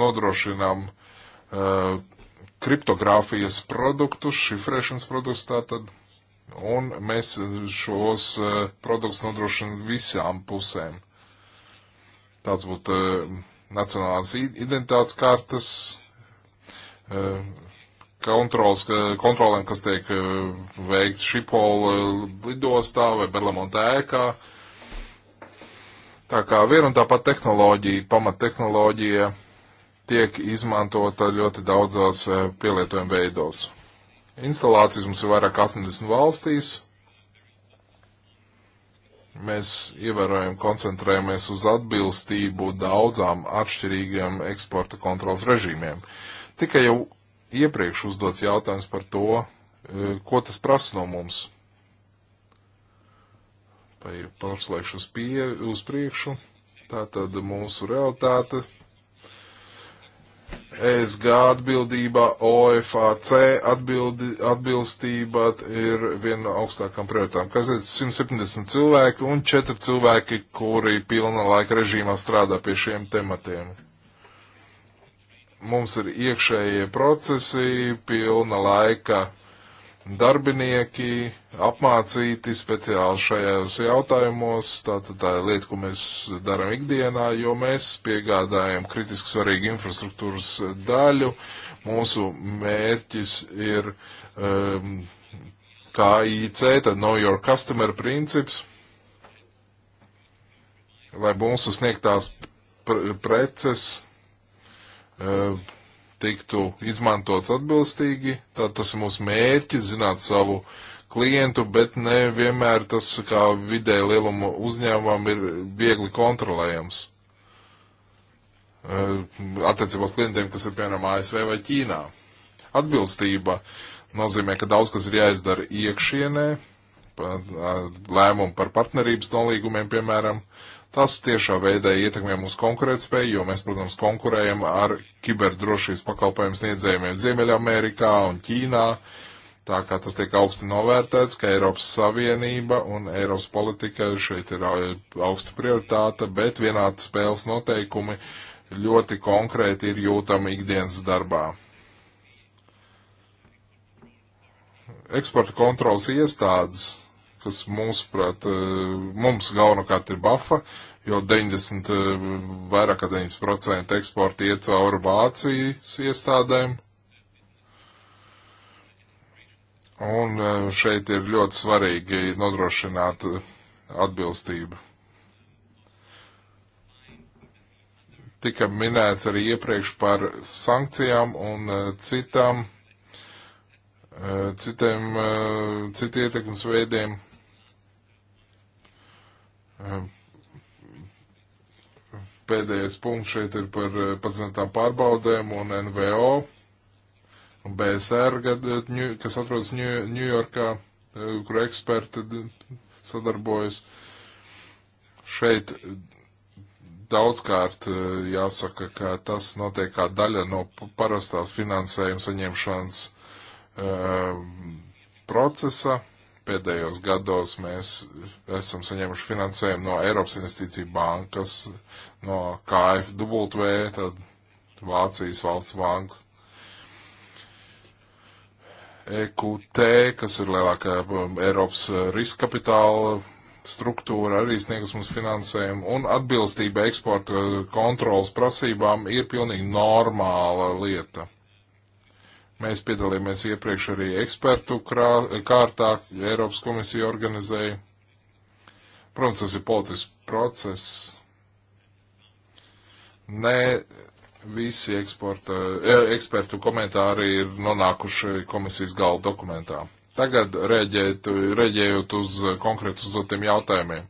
Nodrošinām uh, kriptogrāfijas produktus, šifrēšanas produktus tātad, un mēs šos e, produktus nodrošinām visām pusēm. Tāds būtu e, nacionālās identitātes kartas, e, kontrols, kontrolēm, kas tiek veikts Šipola lidostā vai Berlamonta ēkā. Tā kā viena un tā pati tehnoloģija, pamattehnoloģija tiek izmantota ļoti daudzos eh, pielietojuma veidos. Instalācijas mums ir vairāk 80 valstīs. Mēs ievērojam, koncentrējamies uz atbilstību daudzām atšķirīgiem eksporta kontrols režīmiem. Tikai jau iepriekš uzdots jautājums par to, eh, ko tas prasa no mums. Vai pārslēgšu uz, pie, uz priekšu. Tā tad mūsu realitāte ESG atbildība, OFAC atbildi, atbilstība ir viena no augstākām prioritām. Kas ir 170 cilvēki un 4 cilvēki, kuri pilna laika režīmā strādā pie šiem tematiem. Mums ir iekšējie procesi, pilna laika darbinieki, apmācīti speciāli šajos jautājumos. Tā, tā, tā ir lieta, ko mēs darām ikdienā, jo mēs piegādājam kritiski svarīgu infrastruktūras daļu. Mūsu mērķis ir um, KIC, tad Know Your Customer princips, lai mūsu sniegtās pr preces uh, tiktu izmantots atbilstīgi. Tā tas ir mūsu mērķis, zināt savu uh, klientu, bet ne vienmēr tas kā vidē lieluma uzņēmumam ir viegli kontrolējams. Eh, Attiecībā uz klientiem, kas ir piemēram ASV vai Ķīnā. Atbilstība nozīmē, ka daudz kas ir jāizdara iekšienē, lēmumu par partnerības nolīgumiem, piemēram, tas tiešā veidā ietekmē mūsu konkurētspēju, jo mēs, protams, konkurējam ar kiberdrošības pakalpojumu sniedzējumiem Ziemeļamerikā un Ķīnā. Uh, Tā kā tas tiek augsti novērtēts, ka Eiropas Savienība un Eiropas politika šeit ir augsta prioritāte, bet vienādi spēles noteikumi ļoti konkrēti ir jūtami ikdienas darbā. Eksporta kontrolas iestādes, kas mūsuprāt, eh, mums galvenokārt ir bafa, jo 90, eh, vairāk kā 90% eksporta iet cauri Vācijas iestādēm Un e, šeit ir ļoti svarīgi nodrošināt atbilstību. Tika minēts arī iepriekš par sankcijām un e, citām, e, citiem, citu ietekmes veidiem. Pēdējais punkts šeit ir par pacientām pārbaudēm un NVO un BSR, eh, kas atrodas Ņujorkā, eh, kur eksperti sadarbojas. Šeit eh, daudzkārt jāsaka, ka tas notiek kā daļa no parastās finansējuma saņemšanas uh, procesa. Pēdējos gados mēs esam saņēmuši finansējumu no Eiropas Investīcija bankas, no KFW, tad Vācijas valsts bankas EQT, kas ir lielākā um, Eiropas uh, riska kapitāla struktūra, arī sniegus mums finansējumu, un atbilstība eksporta uh, kontrolas prasībām ir pilnīgi normāla lieta. Mēs piedalījāmies iepriekš arī ekspertu krā, kārtā, Eiropas komisija organizēja. Protams, tas ir politisks process. Ne Visi eksporta, e, ekspertu komentāri ir nonākuši komisijas galda dokumentā. Tagad rēģēt, rēģējot uz konkrētu uzdotiem jautājumiem.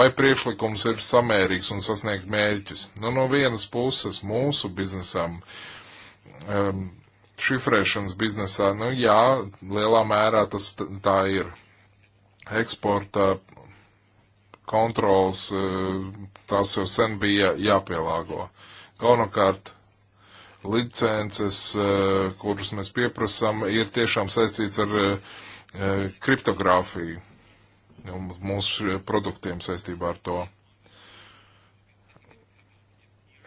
Vai priekšlikums ir samērīgs un sasniegt mērķus? Nu, no vienas puses mūsu biznesam, um, šifrēšanas biznesā, nu jā, lielā mērā tas tā ir. Eksporta kontrols, e, tās jau sen bija jāpielāgo. Uh, Galvenokārt licences, eh, kuras mēs pieprasām, ir tiešām saistīts ar eh, kriptogrāfiju un mūsu produktiem saistībā ar to.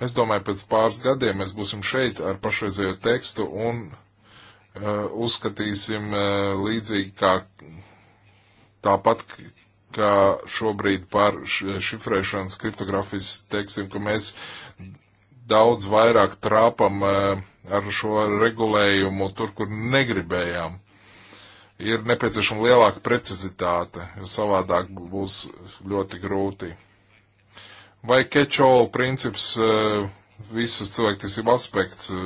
Es domāju, pēc pāris gadiem mēs būsim šeit ar pašreizējo tekstu un uh, uzskatīsim uh, līdzīgi kā tāpat, kā šobrīd par šifrēšanas kriptografijas tekstiem, ka mēs daudz vairāk trāpam e, ar šo regulējumu tur, kur negribējām. Ir nepieciešama lielāka precizitāte, jo savādāk būs ļoti grūti. Vai catch-all princips e, visus cilvēktiesību aspektus e,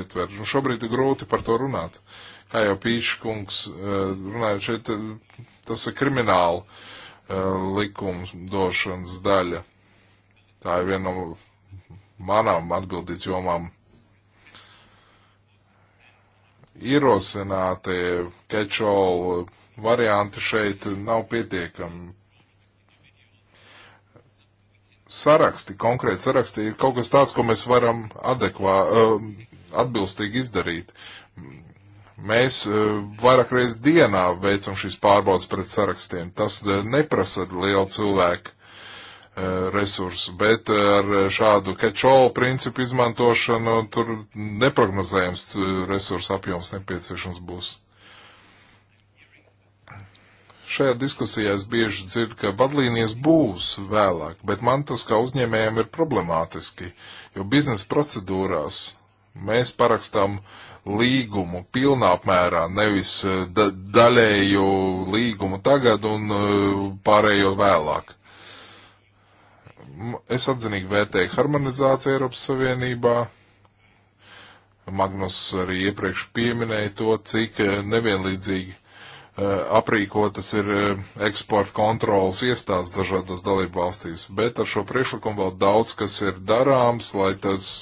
ietver? Un nu, šobrīd ir grūti par to runāt. Kā jau Pīčkungs runāja, šeit tas ir krimināla likums došanas daļa. Tā ir viena no manām atbildības jomām ierosinātie catch-all varianti šeit nav pietiekami. Saraksti, konkrēti saraksti ir kaut kas tāds, ko mēs varam adekvā, eh, atbilstīgi izdarīt. Mēs eh, vairāk reiz dienā veicam šīs pārbaudas pret sarakstiem. Tas eh, neprasa lielu cilvēku Eh, resursu, bet eh, ar šādu catch-all principu izmantošanu tur neprognozējams eh, resursu apjoms nepieciešams būs. Šajā diskusijā es bieži dzirdu, ka vadlīnijas būs vēlāk, bet man tas kā uzņēmējiem ir problemātiski, jo biznesa procedūrās mēs parakstām līgumu pilnā apmērā, nevis da daļēju līgumu tagad un pārējo vēlāk Es atzinīgi vērtēju harmonizāciju Eiropas Savienībā. Magnus arī iepriekš pieminēja to, cik eh, nevienlīdzīgi eh, aprīkotas ir eh, eksporta kontrolas iestādes dažādas dalībvalstīs. Bet ar šo priekšlikumu vēl daudz kas ir darāms, lai tas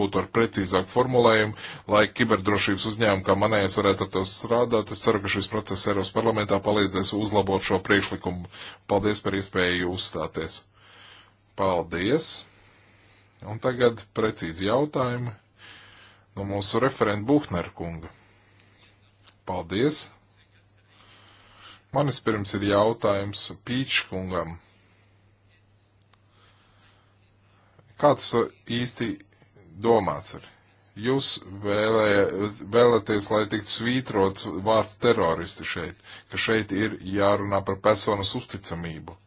būtu ar precīzāku formulējumu, lai kiberdrošības uzņēmumu kā manējais varētu ar to strādāt. Es ceru, ka šis process Eiropas parlamentā palīdzēs uzlabot šo priekšlikumu. Paldies par iespēju uzstāties. Paldies! Un tagad precīzi jautājumi no mūsu referenta Buhner kunga. Paldies! Manis pirms ir jautājums Pīčkungam. Kāds īsti domāts ir? Jūs vēlē, vēlaties, lai tiktu svītrots vārds teroristi šeit, ka šeit ir jārunā par personas uzticamību.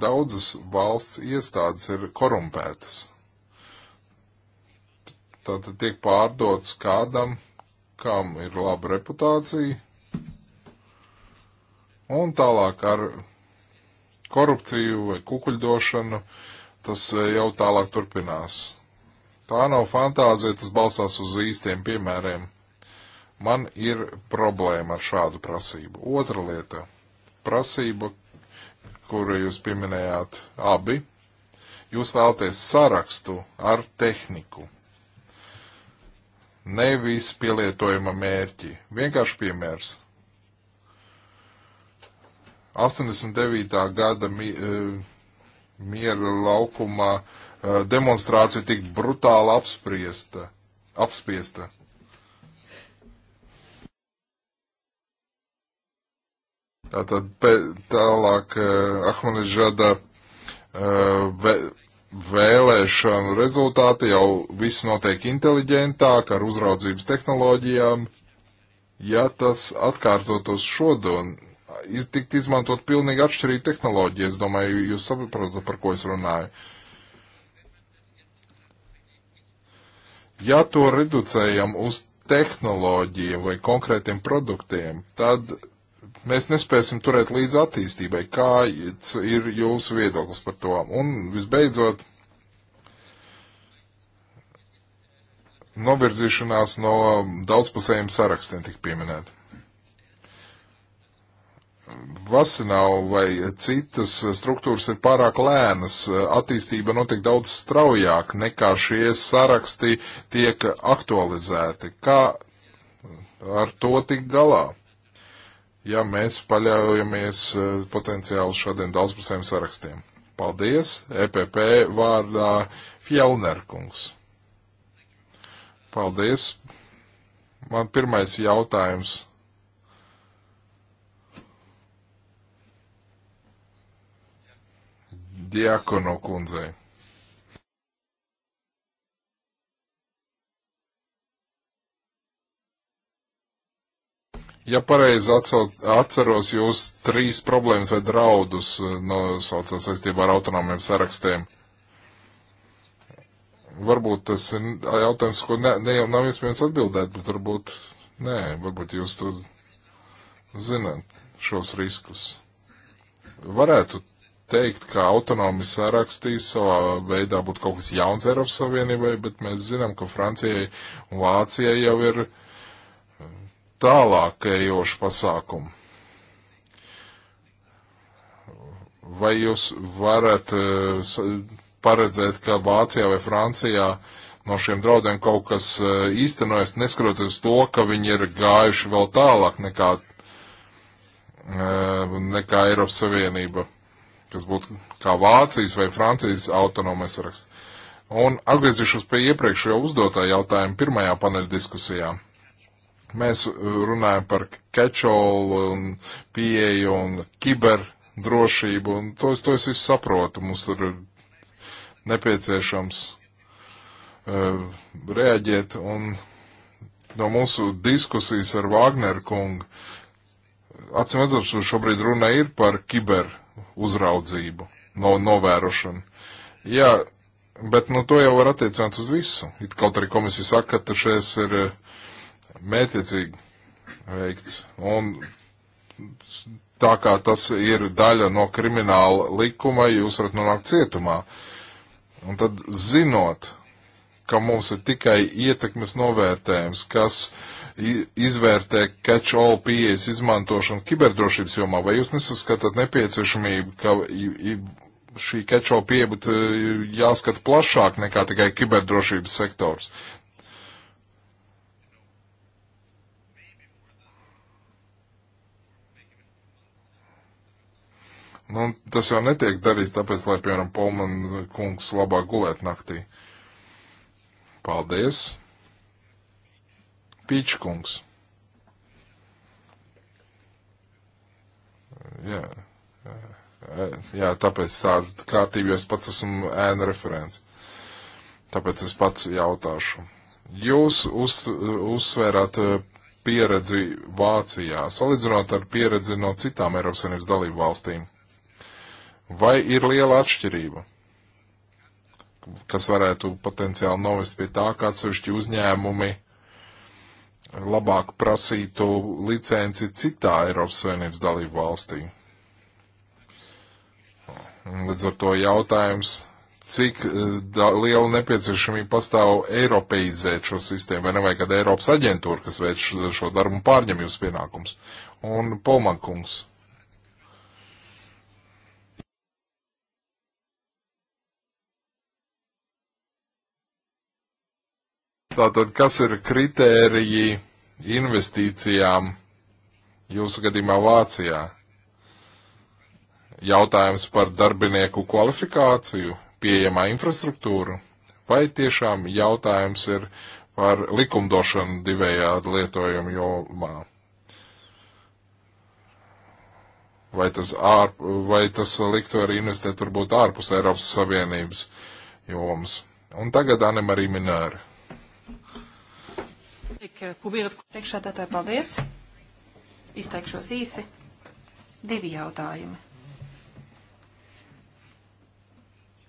daudzas valsts iestādes ir korumpētas. Tātad tiek pārdots kādam, kam ir laba reputācija, un tālāk ar korupciju vai kukuļdošanu tas jau tālāk turpinās. Tā nav fantāzija, tas balstās uz īstiem piemēriem. Man ir problēma ar šādu prasību. Otra lieta - prasība, kuru jūs pieminējāt abi, jūs vēlaties sarakstu ar tehniku. Nevis pielietojuma mērķi. Vienkārši piemērs. 89. gada mi, e, miera laukumā e, demonstrācija tik brutāli apspriesta. apspiesta Tātad tālāk eh, Ahmadinejada eh, vē, vēlēšanu rezultāti jau viss notiek inteliģentāk ar uzraudzības tehnoloģijām. Ja tas atkārtotos šodien, iz, tikt izmantot pilnīgi atšķirīgi tehnoloģija, es domāju, jūs saprotat, par ko es runāju. Ja to reducējam uz tehnoloģiju vai konkrētiem produktiem, tad mēs nespēsim turēt līdz attīstībai. Kā ir jūsu viedoklis par to? Un visbeidzot, novirzīšanās no daudzpusējiem sarakstiem tik pieminēta. Vasinau vai citas struktūras ir pārāk lēnas, attīstība notiek daudz straujāk nekā šie saraksti tiek aktualizēti. Kā ar to tik galā? ja mēs paļaujamies eh, potenciāli šādiem daudzpusējiem sarakstiem. Paldies, EPP vārdā Fjellnerkungs. Paldies. Man pirmais jautājums. Diakono kundzei. Ja pareizi atceros, jūs trīs problēmas vai draudus eh, nosaucat saistībā ar autonomiem sarakstiem. Varbūt tas ir jautājums, ko ne, ne jau nav iespējams atbildēt, bet varbūt nē, varbūt jūs to zināt, šos riskus. Varētu teikt, ka autonomi sarakstīs savā veidā būtu kaut kas jauns Eiropas Savienībai, bet mēs zinām, ka Francijai un Vācijai jau ir uh, tālākajošu pasākumu. Vai jūs varat eh, paredzēt, ka Vācijā vai Francijā no šiem draudiem kaut kas eh, īstenojas, neskatoties to, ka viņi ir gājuši vēl tālāk nekā, eh, nekā Eiropas Savienība, kas būtu kā Vācijas vai Francijas autonomais saraksts? Un atgriezīšos pie iepriekšējā uzdotā jautājuma pirmajā paneļa diskusijā. Mēs uh, runājam par catch-all un pieeju un kiberdrošību, un to, to es visu saprotu. Mums tur ir nepieciešams uh, reaģēt, un no mūsu diskusijas ar Vāgneru kungu, acīm redzot, šobrīd runa ir par kiber uzraudzību, no novērošanu. Jā, bet nu, to jau var attiecināt uz visu. It kaut arī komisija saka, ka šis ir uh, mērķiecīgi veikts. Un tā kā tas ir daļa no krimināla likuma, jūs varat nonākt cietumā. Un tad zinot, ka mums ir tikai ietekmes novērtējums, kas izvērtē catch-all pieejas izmantošanu kiberdrošības jomā, vai jūs nesaskatāt nepieciešamību, ka šī catch-all pieeja būtu e, jāskata plašāk nekā tikai kiberdrošības sektors? Nu, tas jau netiek darīts tāpēc, lai, piemēram, Polman kungs labāk gulēt naktī. Paldies. Pīčkungs. Jā. Jā, tāpēc tā kārtība, jo es pats esmu ēna referents. Tāpēc es pats jautāšu. Jūs uz, uzsvērāt eh, pieredzi Vācijā, salīdzinot ar pieredzi no citām Eiropas Savienības dalību valstīm Vai ir liela atšķirība, kas varētu potenciāli novest pie tā, ka atsevišķi uzņēmumi labāk prasītu licenci citā Eiropas Savienības dalību valstī? Līdz ar to jautājums, cik eh, da, liela nepieciešamība pastāv eiropeizēt šo sistēmu, vai nevajag kāda Eiropas aģentūra, kas veic šo, šo darbu un pārņem jūsu pienākums. Un Polmankungs. Tātad, kas ir kritēriji investīcijām jūsu gadījumā Vācijā? Jautājums par darbinieku kvalifikāciju, pieejamā infrastruktūru, vai tiešām jautājums ir par likumdošanu divējādi lietojumu jomā? Vai tas, ār, vai tas liktu arī investēt varbūt ārpus Eiropas Savienības jomas? Un tagad Anemarī Minēra. Eh, Priekšādātāji, paldies. Izteikšos īsi. Divi jautājumi.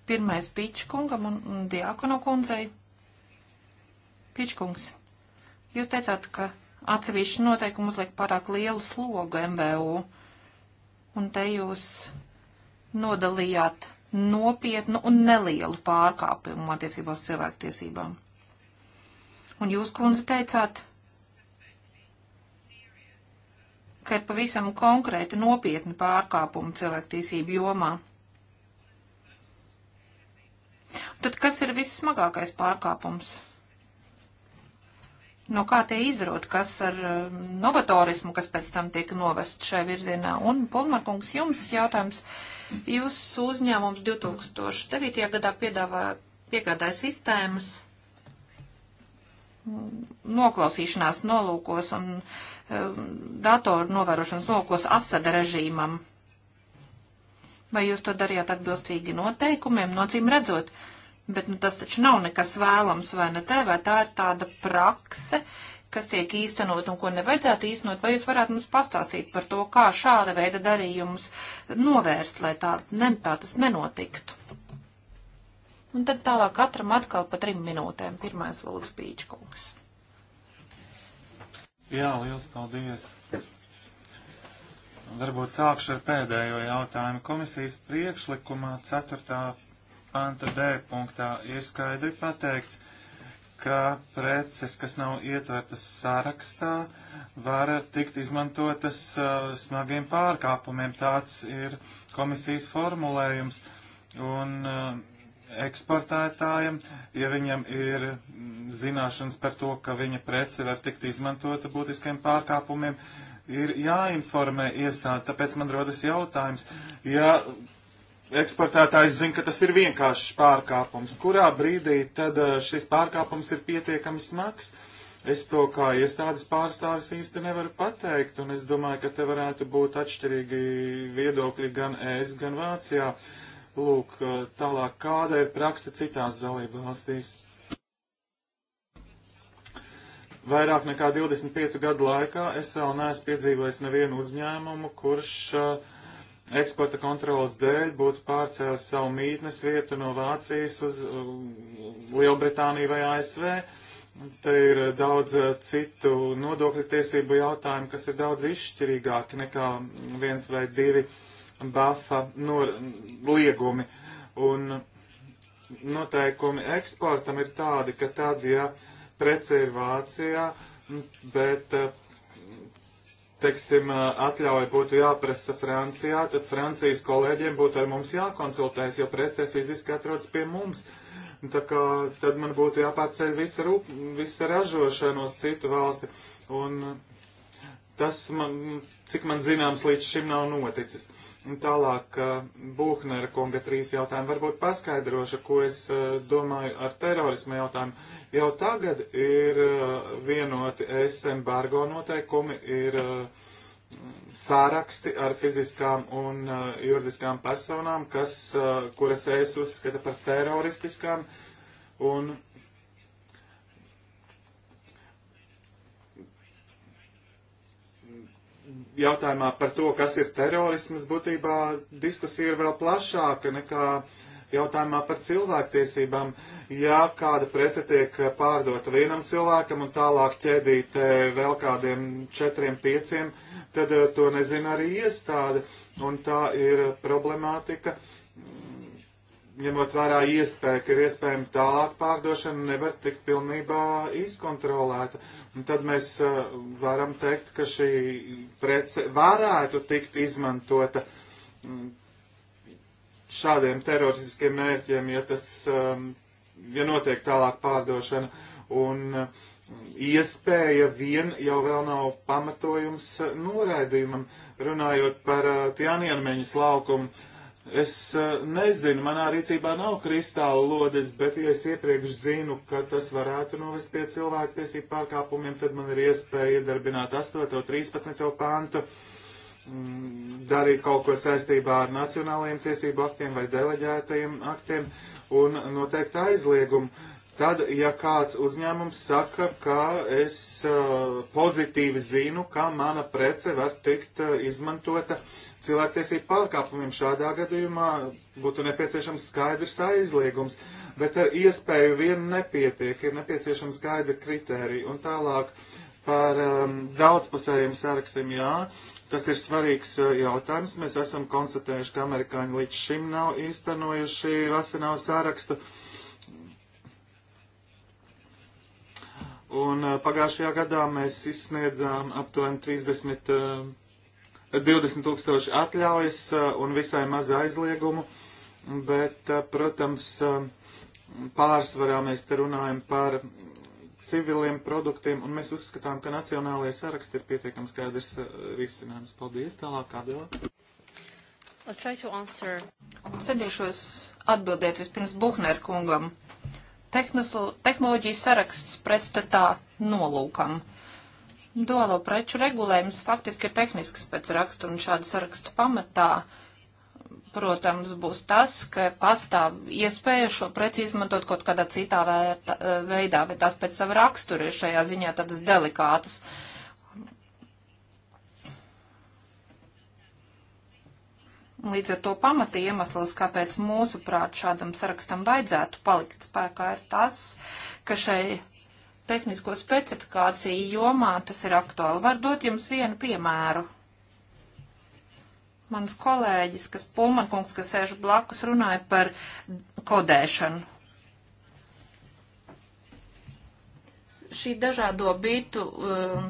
Pirmais Pīčkungam un, un Diakono kundzei. Pīčkungs, jūs teicāt, ka atsevišķi noteikumi uzliek pārāk lielu slogu MVU, un te jūs nodalījāt nopietnu un nelielu pārkāpumu attiecībā uz cilvēktiesībām. Un jūs, kundze, teicāt, ka ir pavisam konkrēti nopietni pārkāpumi cilvēktiesību jomā. Tad kas ir vissmagākais pārkāpums? No kā tie izrod, kas ar um, novatorismu, kas pēc tam tiek novest šajā virzienā? Un, Polmarkungs, jums jautājums. Jūs uzņēmums 2009. gadā piedāvā, piegādāja sistēmas noklausīšanās nolūkos un um, datoru novērošanas nolūkos Asada režīmam. Vai jūs to darījāt atbilstīgi noteikumiem, nocīm redzot? Bet nu, tas taču nav nekas vēlams, vai ne te, vai tā ir tāda prakse, kas tiek īstenot un ko nevajadzētu īstenot, vai jūs varētu mums pastāstīt par to, kā šāda veida darījumus novērst, lai tā, ne, tā tas nenotiktu? Un tad tālāk katram atkal pa trim minūtēm. Pirmais lūdzu Bīčkungs. Jā, liels paldies. Varbūt sākšu ar pēdējo jautājumu. Komisijas priekšlikumā 4. panta D punktā ir skaidri pateikts, ka preces, kas nav ietvertas sarakstā, var tikt izmantotas uh, smagiem pārkāpumiem. Tāds ir komisijas formulējums. Un uh, eksportētājam, ja viņam ir zināšanas par to, ka viņa prece var tikt izmantota būtiskiem pārkāpumiem, ir jāinformē iestādi. Tāpēc man rodas jautājums, ja eksportētājs zina, ka tas ir vienkāršs pārkāpums, kurā brīdī tad eh, šis pārkāpums ir pietiekami smags? Es to kā iestādes pārstāvis īsti nevaru pateikt, un es domāju, ka te varētu būt atšķirīgi viedokļi gan es, gan Vācijā. Uh, Lūk, tālāk, kāda ir praksa citās dalību valstīs? Vairāk nekā 25 gadu laikā es vēl neesmu piedzīvojis nevienu uzņēmumu, kurš uh, eksporta kontrolas dēļ būtu pārcēlis savu mītnes vietu no Vācijas uz Lielbritāniju vai ASV. Te ir daudz citu nodokļu tiesību jautājumu, kas ir daudz izšķirīgāki nekā viens vai divi bafa nor, liegumi un noteikumi eksportam ir tādi, ka tad, ja prece ir Vācijā, bet, teiksim, atļauja būtu jāprasa Francijā, tad Francijas kolēģiem būtu ar mums jākonsultējas, jo prece fiziski atrodas pie mums. Tā kā tad man būtu jāpārceļ visa, rūp, visa ražošana uz citu valsti. Un tas, man, cik man zināms, līdz šim nav noticis. Uh, Tālāk, eh, Būknera kunga trīs jautājumi. Varbūt paskaidrošu, ko es eh, domāju ar terorismu jautājumu. Jau tagad ir eh, vienoti es embargo noteikumi, ir sāraksti ar fiziskām un juridiskām personām, kas, kuras es uzskata par teroristiskām. Un jautājumā par to, kas ir terorismas, būtībā diskusija ir vēl plašāka nekā jautājumā par cilvēktiesībām. Ja kāda prece tiek pārdota vienam cilvēkam un tālāk ķēdīt vēl kādiem četriem, pieciem, tad eh, to nezina arī iestāde. Un tā ir problemātika, ņemot vērā iespēju, ka iespējami tālāk pārdošana nevar tikt pilnībā izkontrolēta. Un tad mēs uh, varam teikt, ka šī prece varētu tikt izmantota um, šādiem teroristiskiem mērķiem, ja tas, um, ja notiek tālāk pārdošana. Un uh, iespēja vien jau vēl nav pamatojums uh, noraidījumam, runājot par uh, Tjānienmeņas laukumu Es uh, nezinu, manā rīcībā nav kristāla lodes, bet ja es iepriekš zinu, ka tas varētu novest pie cilvēktiesību pārkāpumiem, tad man ir iespēja iedarbināt 8. 13. pantu, mm, darīt kaut ko saistībā ar nacionālajiem tiesību aktiem vai deleģētajiem aktiem un noteikt aizliegumu. Tad, ja kāds uzņēmums saka, ka es uh, pozitīvi zinu, kā mana prece var tikt uh, izmantota cilvēktiesību pārkāpumiem, šādā gadījumā būtu nepieciešams skaidrs aizliegums, bet ar iespēju vien nepietiek, ir nepieciešama skaidra kriterija. Un tālāk par um, daudzpusējiem sarakstiem, jā, tas ir svarīgs uh, jautājums. Mēs esam konstatējuši, ka amerikāņi līdz šim nav īstenojuši vasenāvu sarakstu. Uh, Un eh, pagājušajā gadā mēs izsniedzām aptuveni 30, 20 eh, tūkstoši atļaujas eh, un visai maz aizliegumu, bet, protams, pārsvarā mēs te runājam par civiliem produktiem, un mēs uzskatām, ka nacionālajie saraksti ir pietiekams skaidrs risinājums. Paldies, tālāk, Adela. Centīšos atbildēt vispirms Buhner kungam tehnoloģiju saraksts pretstatā nolūkam. Duālo preču regulējums faktiski ir tehnisks pēc rakstu un šāda saraksta pamatā, protams, būs tas, ka pastāv iespēja šo preci izmantot kaut kādā citā vērta, veidā, bet tās pēc sava rakstura ir šajā ziņā tādas delikātas. Uh, Līdz ar to pamata iemesls, kāpēc mūsuprāt šādam sarakstam vajadzētu palikt spēkā, ir tas, ka šai tehnisko specifikāciju jomā tas ir aktuāli. Var dot jums vienu piemēru. Mans kolēģis, kas Pulmankungs, kas sēž blakus, runāja par kodēšanu. Šī dažādo bitu um,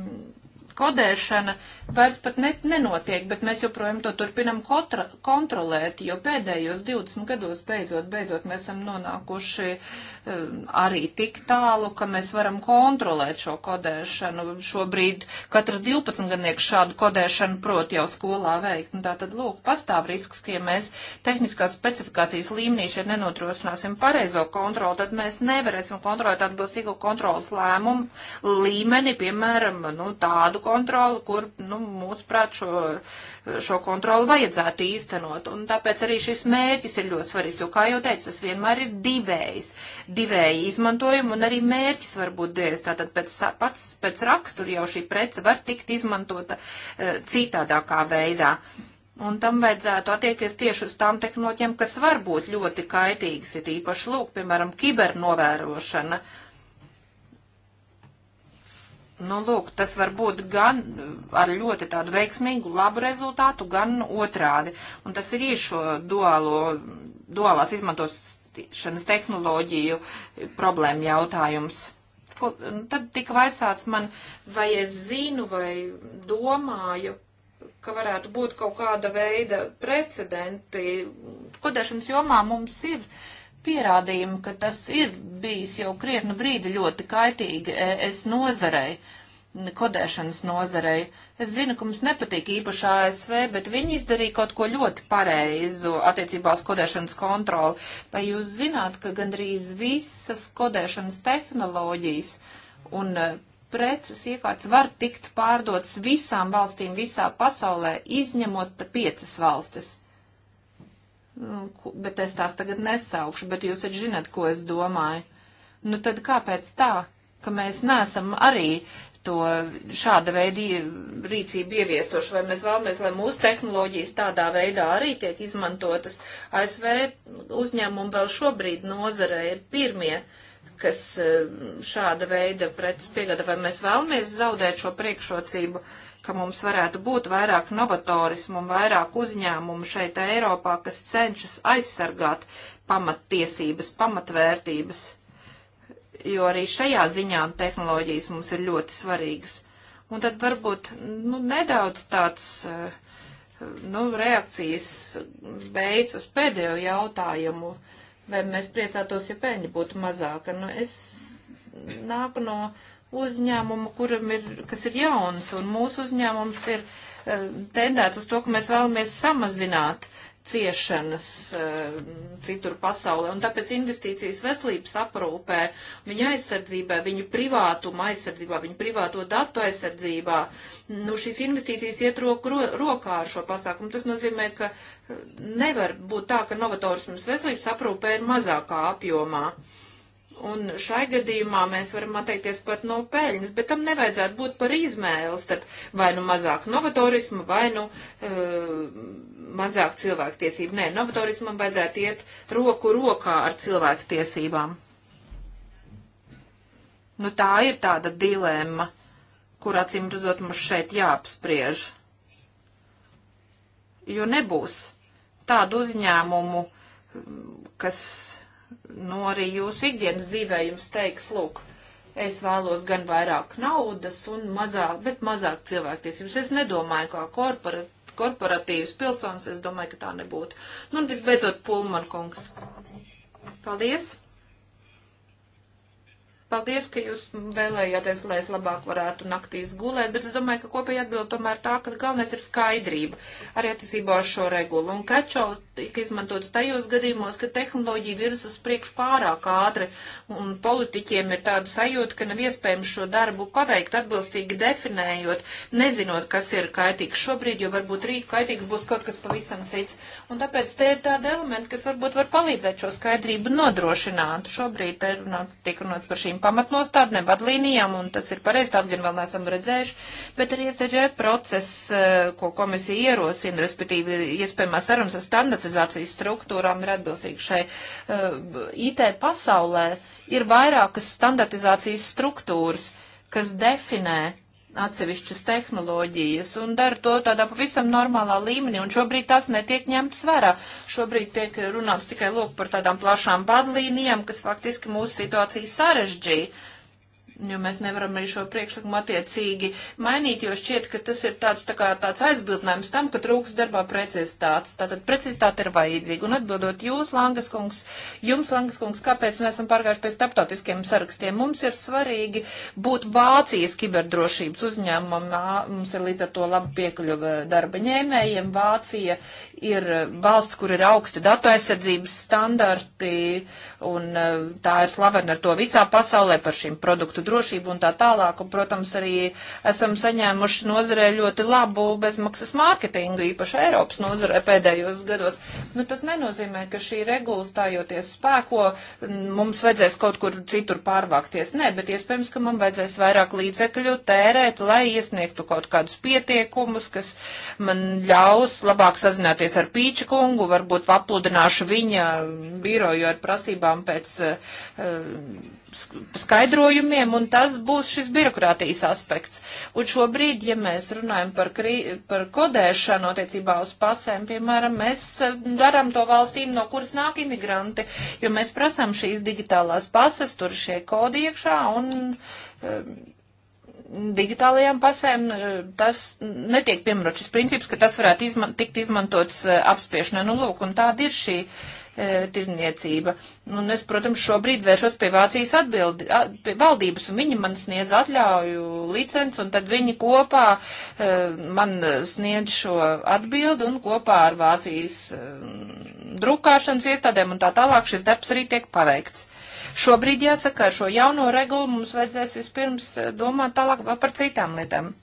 kodēšana uh, vairs pat net nenotiek, bet mēs joprojām to turpinam kontra, kontrolēt, jo pēdējos 20 gados beidzot, beidzot mēs esam nonākuši um, arī tik tālu, ka mēs varam kontrolēt šo kodēšanu. Šobrīd katrs 12 gadnieks šādu kodēšanu prot jau skolā veikt. Un tā tad, lūk, pastāv risks, ka ja mēs tehniskās specifikācijas līmenī šeit nenotrosināsim pareizo kontroli, tad mēs nevarēsim kontrolēt atbilstīgo kontrolas lēmumu līmeni, piemēram, nu, tādu kontroli, kur, nu, mūsuprāt, šo, šo kontroli vajadzētu īstenot. Un tāpēc arī šis mērķis ir ļoti svarīgs, jo, kā jau teicu, tas vienmēr ir divējs, divēji izmantojumi, un arī mērķis var būt divējs. Tātad pēc, pats, pēc rakstura jau šī prece var tikt izmantota uh, citādākā veidā. Un tam vajadzētu attiekties tieši uz tām tehnoloģijām, kas var būt ļoti kaitīgas, ir īpaši lūk, piemēram, kibernovērošana. Uh, Nu, lūk, tas var būt gan ar ļoti tādu veiksmīgu, labu rezultātu, gan otrādi. Un tas ir īšo duālo, duālās izmantošanas tehnoloģiju problēma jautājums. Ko, tad tika vaicāts man, vai es zinu vai domāju, ka varētu būt kaut kāda veida precedenti. Kodēšanas jomā mums ir. Uh, pierādījumu, ka tas ir bijis jau krietnu brīdi ļoti kaitīgi es nozarei, kodēšanas nozarei. Es zinu, ka mums nepatīk īpaši ASV, bet viņi izdarīja kaut ko ļoti pareizu attiecībā uz kodēšanas kontroli. Vai jūs zināt, ka gandrīz visas kodēšanas tehnoloģijas un e, preces iekārtas var tikt pārdotas visām valstīm visā pasaulē, izņemot piecas valstis? Nu, bet es tās tagad nesaukšu, bet jūs taču zinat, ko es domāju. Nu tad kāpēc tā, ka mēs neesam arī to šāda veida rīcību ieviesoši, vai mēs vēlamies, lai mūsu tehnoloģijas tādā veidā arī tiek izmantotas. ASV uzņēmumi vēl šobrīd nozarē ir pirmie, kas eh, šāda veida preces piegada, vai mēs vēlamies zaudēt šo priekšrocību. Uh, ka mums varētu būt vairāk novatorismu un vairāk uzņēmumu šeit Eiropā, kas cenšas aizsargāt pamattiesības, pamatvērtības, jo arī šajā ziņā tehnoloģijas mums ir ļoti svarīgas. Un tad varbūt nu, nedaudz tāds eh, nu, reakcijas beidz uz pēdējo jautājumu, vai mēs priecātos, ja peļņa būtu mazāka. Nu, es nāku no uzņēmumu, kuram ir, kas ir jauns, un mūsu uzņēmums ir uh, tendēts uz to, ka mēs vēlamies samazināt ciešanas uh, citur pasaulē, un tāpēc investīcijas veselības aprūpē, viņu aizsardzībā, viņu privātuma aizsardzībā, viņu privāto datu aizsardzībā, nu šīs investīcijas iet roku ro, rokā ar šo pasākumu. Tas nozīmē, ka eh, nevar būt tā, ka novatorisms veselības aprūpē ir mazākā apjomā. Uh, Un šai gadījumā mēs varam atteikties pat no peļņas, bet tam nevajadzētu būt par izmēli starp vai nu mazāk novatorismu, vai nu uh, mazāk cilvēktiesību. Nē, novatorismam vajadzētu iet roku rokā ar cilvēktiesībām. Nu tā ir tāda dilēma, kur acīm redzot mums šeit jāapspriež. Jo nebūs tādu uzņēmumu, kas nu, arī jūsu ikdienas dzīvē jums teiks, lūk, es vēlos gan vairāk naudas un mazāk, bet mazāk cilvēktiesības. Es nedomāju kā korpora, korporatīvs pilsonis, es domāju, ka tā nebūtu. Nu, un visbeidzot, Pulman kungs. Paldies! Paldies, ka jūs vēlējāties, lai es labāk varētu naktīs gulēt, bet es domāju, ka kopēja atbild tomēr tā, ka galvenais ir skaidrība arī attiecībā ar šo regulu. Un kečo tika izmantots tajos gadījumos, ka tehnoloģija virs uz priekšu pārāk ātri, un politiķiem ir tāda sajūta, ka nav iespējams šo darbu paveikt atbilstīgi definējot, nezinot, kas ir kaitīgs šobrīd, jo varbūt rīt kaitīgs būs kaut kas pavisam cits. Un tāpēc te ir tāda elementa, kas varbūt var palīdzēt šo skaidrību nodrošināt. Šobrīd te runāts, tiek runāts par šīm pamatnostādnēm, vadlīnijām, un tas ir pareizi, tās gan vēl neesam redzējuši, bet arī SDG process, eh, ko komisija ierosina, respektīvi iespējamā sarunas ar standartizācijas struktūrām ir atbilstīgi šai eh, IT pasaulē, ir vairākas standartizācijas struktūras, kas definē atsevišķas tehnoloģijas un dara to tādā pavisam normālā līmenī, un šobrīd tas netiek ņemts vērā. Šobrīd tiek runāts tikai lūk par tādām plašām vadlīnijām, kas faktiski mūsu situāciju sarežģīja jo mēs nevaram arī šo priekšlikumu attiecīgi mainīt, jo šķiet, ka tas ir tāds, tā kā, tāds aizbildinājums tam, ka trūks darbā precizitātes. Tātad precizitāte ir vajadzīga. Un atbildot jūs, Langas kungs, jums, Langas kungs, kāpēc mēs esam pārgājuši pie starptautiskiem sarakstiem? Mums ir svarīgi būt Vācijas kiberdrošības uzņēmumam. Mums ir līdz ar to laba piekļuva darba ņēmējiem. Vācija ir valsts, kur ir augsti datu aizsardzības standarti, un tā ir slavena ar to visā pasaulē par šīm produktu drošību un tā tālāk. Un, protams, arī esam saņēmuši nozarē ļoti labu bezmaksas mārketingu, īpaši Eiropas nozarē pēdējos gados. Nu, tas nenozīmē, ka šī regula stājoties spēko, mums vajadzēs kaut kur citur pārvākties. Nē, bet iespējams, ka man vajadzēs vairāk līdzekļu tērēt, lai iesniegtu kaut kādus pietiekumus, kas man ļaus labāk sazināties ar Pīča kungu, varbūt papludināšu viņa biroju ar prasībām pēc uh, skaidrojumiem, un tas būs šis birokrātijas aspekts. Un šobrīd, ja mēs runājam par, krī, par kodēšanu attiecībā uz pasēm, piemēram, mēs eh, darām to valstīm, no kuras nāk imigranti, jo mēs prasām šīs digitālās pases, tur šie kodi iekšā, un um, digitālajām pasēm eh, tas netiek piemērots šis princips, ka tas varētu izman, tikt izmantots apspiešanai. Nu, lūk, un tāda ir šī. Uh, e, tirniecība. Un es, protams, šobrīd vēršos pie Vācijas atbildi, a, pie valdības, un viņi man sniedz atļauju licenci, un tad viņi kopā e, man sniedz šo atbildi, un kopā ar Vācijas e, drukāšanas iestādēm un tā tālāk šis darbs arī tiek paveikts. Šobrīd jāsaka, ar šo jauno regulu mums vajadzēs vispirms e, domāt tālāk vēl par citām lietām.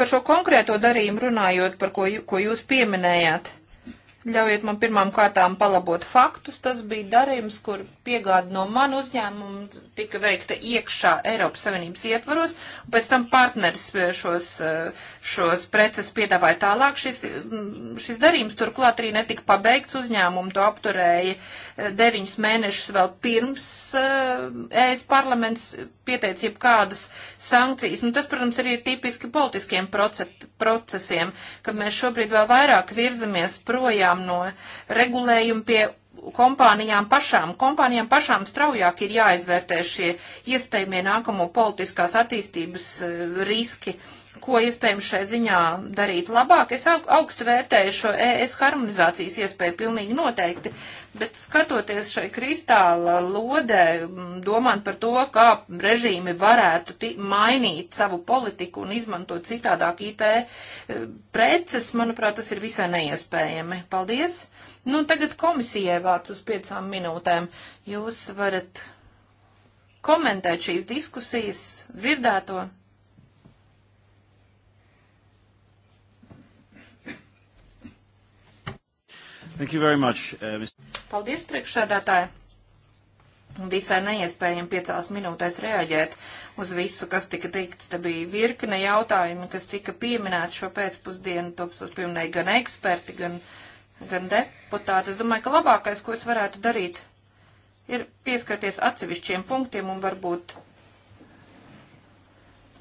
par šo konkrēto darījumu runājot, par ko, ko jūs pieminējāt. Ļaujiet man pirmām kārtām palabot faktus. Tas bija darījums, kur piegāda no man uzņēmuma tika veikta iekšā Eiropas Savienības ietvaros, un pēc tam partneris eh, šos, eh, šos preces piedāvāja tālāk. Šis, mm, šis darījums turklāt arī netika pabeigts. Uzņēmumu to apturēja eh, deviņus mēnešus vēl pirms ES parlaments pieteica jebkādas sankcijas. Nu, tas, protams, arī ir tipiski politiskiem procesiem, kad mēs šobrīd vēl vairāk virzamies projām pārējām no regulējuma pie kompānijām pašām. Kompānijām pašām straujāk ir jāizvērtē šie iespējamie nākamo politiskās attīstības eh, riski. Uh, ko iespējams šai ziņā darīt labāk. Es augstu vērtēju šo ES harmonizācijas iespēju pilnīgi noteikti, bet skatoties šai kristāla lodē, domāt par to, kā režīmi varētu mainīt savu politiku un izmantot citādāk IT eh, preces, manuprāt, tas ir visai neiespējami. Paldies! Nu, tagad komisijai vārds uz piecām minūtēm. Jūs varat komentēt šīs diskusijas, dzirdēto. Thank you very much. Uh, Paldies, priekšsēdētāji. Visai neiespējami piecās minūtēs reaģēt uz visu, kas tika teikts. Te bija virkne jautājumi, kas tika pieminēti šo pēcpusdienu. Tos pieminēja gan eksperti, gan, gan deputāti. Es domāju, ka labākais, ko es varētu darīt, ir pieskarties atsevišķiem punktiem un varbūt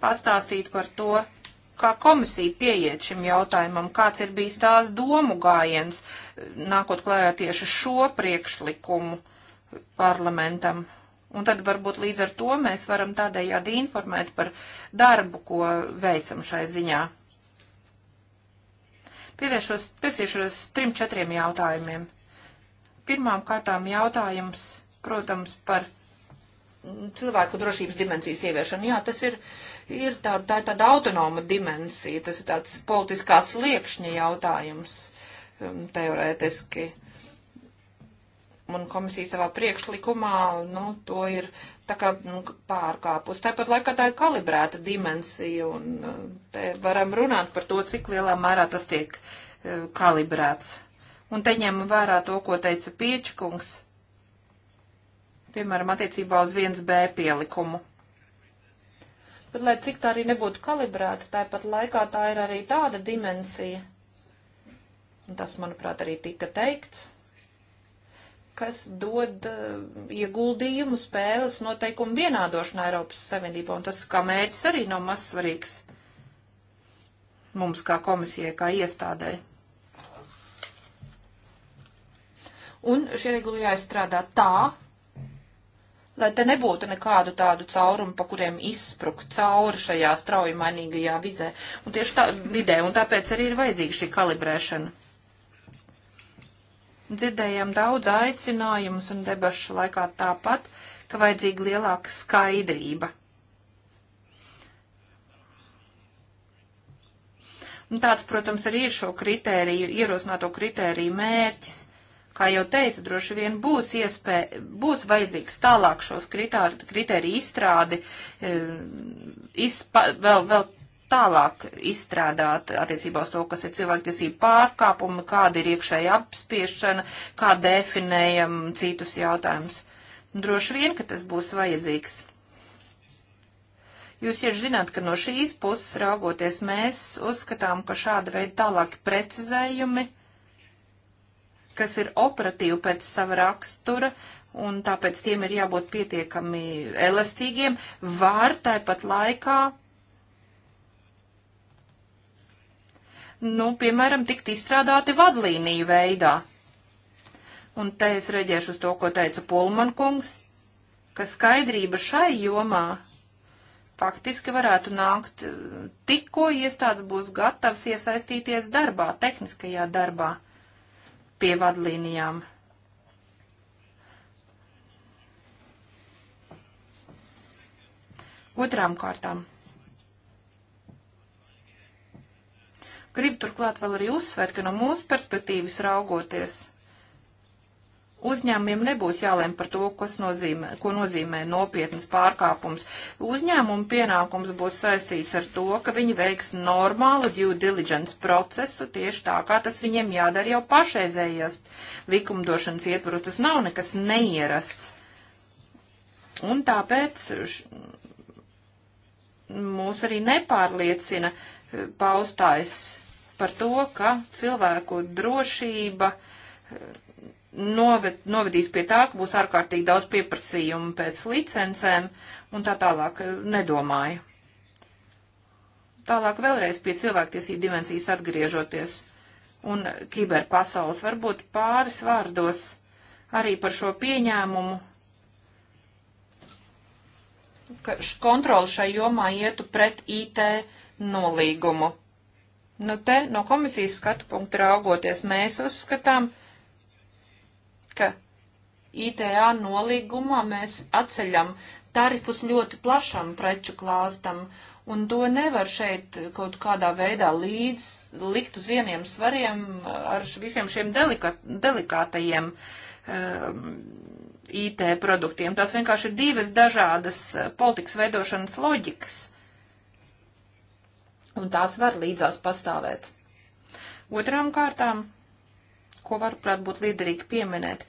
pastāstīt par to, kā komisija pieiet šim jautājumam, kāds ir bijis tās domu gājiens, nākot klājā tieši šo priekšlikumu parlamentam. Un tad varbūt līdz ar to mēs varam tādējādi informēt par darbu, ko veicam šai ziņā. Pievēršos, piesiešos trim, četriem jautājumiem. Pirmām kārtām jautājums, protams, par cilvēku drošības dimensijas ieviešanu. Jā, tas ir uh, ir tā, tā, tāda autonoma dimensija, tas ir tāds politiskās liekšņa jautājums um, teorētiski. Un komisija savā priekšlikumā, nu, to ir tā kā nu, pārkāpus. Tāpat laikā tā ir kalibrēta dimensija, un um, te varam runāt par to, cik lielā mērā tas tiek uh, kalibrēts. Un te ņemam vērā to, ko teica Piečkungs, piemēram, attiecībā uz 1B pielikumu. Bet, lai cik tā arī nebūtu kalibrēta, tāpat laikā tā ir arī tāda dimensija, un tas, manuprāt, arī tika teikts, kas dod uh, ieguldījumu spēles noteikumu vienādošanā Eiropas Savienībā, un tas kā mērķis arī nav mazsvarīgs mums kā komisijai, kā iestādē. Un šie reguli jāizstrādā tā, lai te nebūtu nekādu tādu caurumu, pa kuriem izsprukt cauri šajā strauji mainīgajā vizē. Un tieši tā vidē, un tāpēc arī ir vajadzīga šī kalibrēšana. Dzirdējām daudz aicinājumus un debašu laikā tāpat, ka vajadzīga lielāka skaidrība. Un tāds, protams, arī ir šo kritēriju, ierosināto kritēriju mērķis Kā jau teicu, droši vien būs iespēja, būs vajadzīgs tālāk šos kritāri, kriteriju izstrādi, eh, izpa, vēl, vēl tālāk izstrādāt attiecībā uz to, kas ir cilvēktiesība pārkāpumi, kāda ir iekšēja apspiešana, kā definējam citus jautājumus. Droši vien, ka tas būs vajadzīgs. Jūs jau zināt, ka no šīs puses raugoties mēs uzskatām, ka šāda veida tālāki precizējumi kas ir operatīvi pēc sava rakstura, un tāpēc tiem ir jābūt pietiekami elastīgiem, var tāpat laikā, nu, piemēram, tikt izstrādāti vadlīniju veidā. Un te es reģēšu uz to, ko teica Pulman kungs, ka skaidrība šai jomā faktiski varētu nākt eh, tikko iestāds būs gatavs iesaistīties darbā, tehniskajā darbā pie vadlīnijām. Otrām kārtām. Gribu turklāt vēl arī uzsvērt, ka no mūsu perspektīvas raugoties – Uzņēmumiem nebūs jālēm par to, kas nozīmē, ko nozīmē nopietnas pārkāpums. Uzņēmuma pienākums būs saistīts ar to, ka viņi veiks normālu due diligence procesu tieši tā, kā tas viņiem jādara jau pašreizējās likumdošanas ietvaru. Tas nav nekas neierasts. Un tāpēc mūs arī nepārliecina paustājas par to, ka cilvēku drošība noved, novedīs pie tā, ka būs ārkārtīgi daudz pieprasījumu pēc licencēm un tā tālāk nedomāju. Tālāk vēlreiz pie cilvēktiesību dimensijas atgriežoties un kiberpasaules varbūt pāris vārdos arī par šo pieņēmumu, ka kontroli šai jomā ietu pret IT nolīgumu. Nu te no komisijas skatu punktu raugoties mēs uzskatām, ka ka ITA nolīgumā mēs atceļam tarifus ļoti plašam preču klāstam, un to nevar šeit kaut kādā veidā līdz likt uz vieniem svariem eh, ar visiem šiem delika, delikātajiem um, ehm, IT produktiem. Tās vienkārši ir divas dažādas eh, politikas veidošanas loģikas, un tās var līdzās pastāvēt. Otrām kārtām ko varbūt būtu liederīgi pieminēt.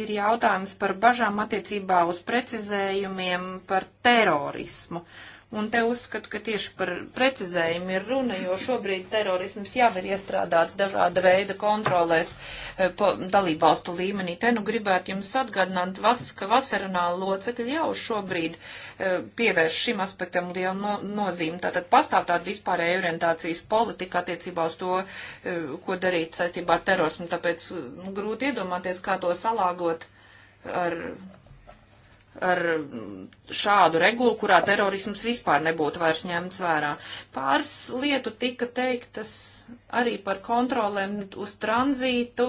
Ir jautājums par bažām attiecībā uz precizējumiem par terorismu. Uh, Un te uzskatu, ka tieši par precizējumu ir runa, jo šobrīd terorisms jau ir iestrādāts dažāda veida kontrolēs eh, dalībvalstu līmenī. Te nu gribētu jums atgādināt, vas, ka vasarnā locekļi jau šobrīd eh, pievērš šim aspektam lielu no, nozīmi. Tātad pastāv tāda vispārēja orientācijas politika attiecībā uz to, eh, ko darīt saistībā ar terorismu. Tāpēc nu, grūti iedomāties, kā to salāgot ar ar šādu regulu, kurā terorisms vispār nebūtu vairs ņemts vērā. Pāris lietu tika teiktas arī par kontrolēm uz tranzītu,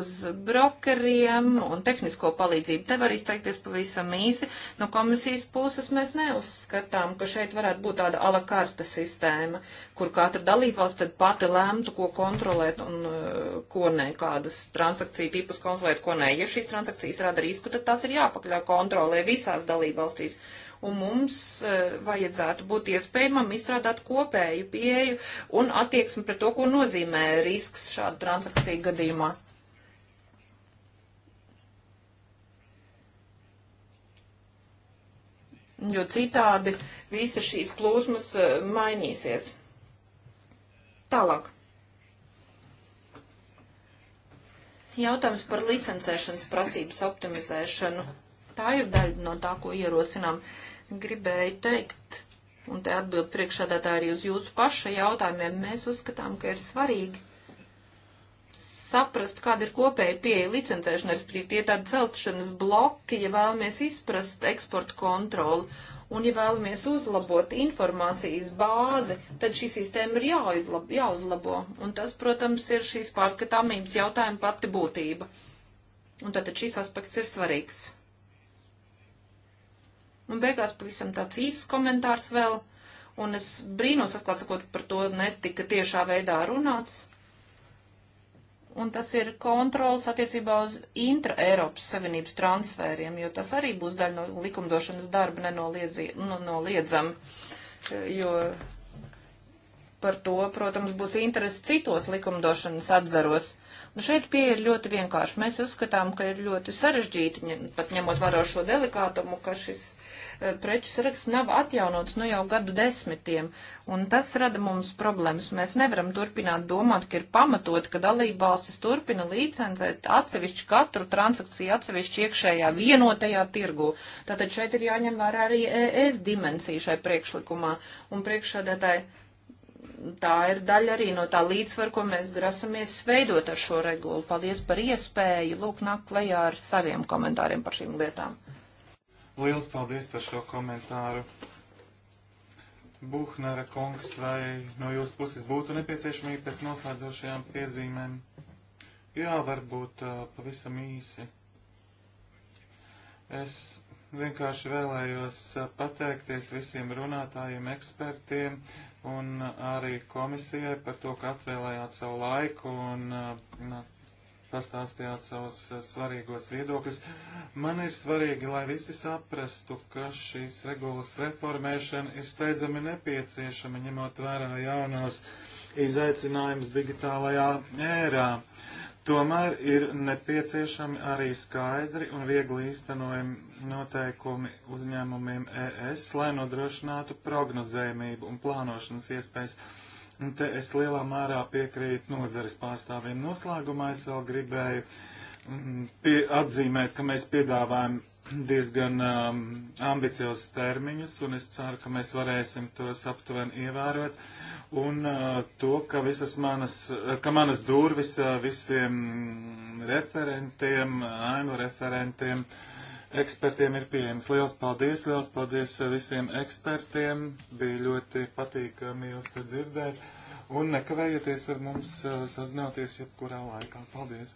uz brokeriem un tehnisko palīdzību. Te var izteikties pavisam īsi. No komisijas puses mēs neuzskatām, ka šeit varētu būt tāda alakarta sistēma, kur katra dalībvalsts tad pati lēmtu, ko kontrolēt un eh, ko nē, kādas transakciju tipus kontrolēt, ko nē. Ja šīs transakcijas rada risku, tad tās ir jāpakļauj kontrolē visās dalībvalstīs un mums e, vajadzētu būt iespējamam izstrādāt kopēju pieeju un attieksmi pret to, ko nozīmē risks šādu transakciju gadījumā. jo citādi visas šīs plūsmas e, mainīsies. Tālāk. Jautājums par licencēšanas prasības optimizēšanu. Tā ir daļa no tā, ko ierosinām. Gribēju teikt, un te atbild priekšādātā arī uz jūsu paša jautājumiem, mēs uzskatām, ka ir svarīgi saprast, kāda ir kopēja pieeja licencēšanai, respektīvi tie tādi celtšanas bloki, ja vēlamies izprast eksporta kontroli un ja vēlamies uzlabot informācijas bāzi, tad šī sistēma ir jāuzlabo, jāuzlabo. Un tas, protams, ir šīs pārskatāmības jautājuma pati būtība. Un tātad šīs aspekts ir svarīgs. Un beigās pavisam tāds īsts komentārs vēl, un es brīnos, atklāt sakot, par to netika tiešā veidā runāts. Un tas ir kontrols attiecībā uz intra Eiropas Savienības transfēriem, jo tas arī būs daļa no likumdošanas darba nenoliedzami, nu, jo par to, protams, būs interesi citos likumdošanas atzaros. Nu, šeit pieeja ir ļoti vienkārša. Mēs uzskatām, ka ir ļoti sarežģīti, pat ņemot vērā šo delikātumu, ka šis uh, Eh, preču saraksts nav atjaunots nu jau gadu desmitiem, un tas rada mums problēmas. Mēs nevaram turpināt domāt, ka ir pamatot, ka dalībvalstis turpina licencēt atsevišķu katru transakciju atsevišķi iekšējā vienotajā tirgu. Tātad šeit ir jāņem vērā arī ES dimensija šai priekšlikumā, un priekšsēdētāji tā ir daļa arī no tā līdzsvara, ko mēs grasamies veidot ar šo regulu. Paldies par iespēju, lūk, nāk klajā ar saviem komentāriem par šīm lietām. Liels paldies par šo komentāru. Buhnera kungs, vai no jūsu puses būtu nepieciešamība pēc noslēdzošajām piezīmēm? Jā, varbūt uh, pavisam īsi. Es vienkārši vēlējos pateikties visiem runātājiem, ekspertiem un arī komisijai par to, ka atvēlējāt savu laiku un uh, pastāstījāt savus eh, svarīgos viedokļus. Man ir svarīgi, lai visi saprastu, ka šīs regulas reformēšana ir steidzami nepieciešama, ņemot vērā jaunās izaicinājumus digitālajā ērā. Tomēr ir nepieciešami arī skaidri un viegli īstenojami noteikumi uzņēmumiem ES, lai nodrošinātu prognozējumību un plānošanas iespējas. Nu, te es lielā mērā piekrītu nozares pārstāvjiem. Noslēgumā es vēl gribēju mm, pie, atzīmēt, ka mēs piedāvājam diezgan um, ambiciozus termiņus, un es ceru, ka mēs varēsim tos aptuveni ievērot. Un uh, to, ka visas manas, ka manas durvis uh, visiem referentiem, ainu referentiem, uh, ekspertiem ir pieejams. Liels paldies, liels paldies visiem ekspertiem. Bija ļoti patīkami jūs te dzirdēt. Un nekavējoties ar mums uh, sazināties jebkurā laikā. Paldies!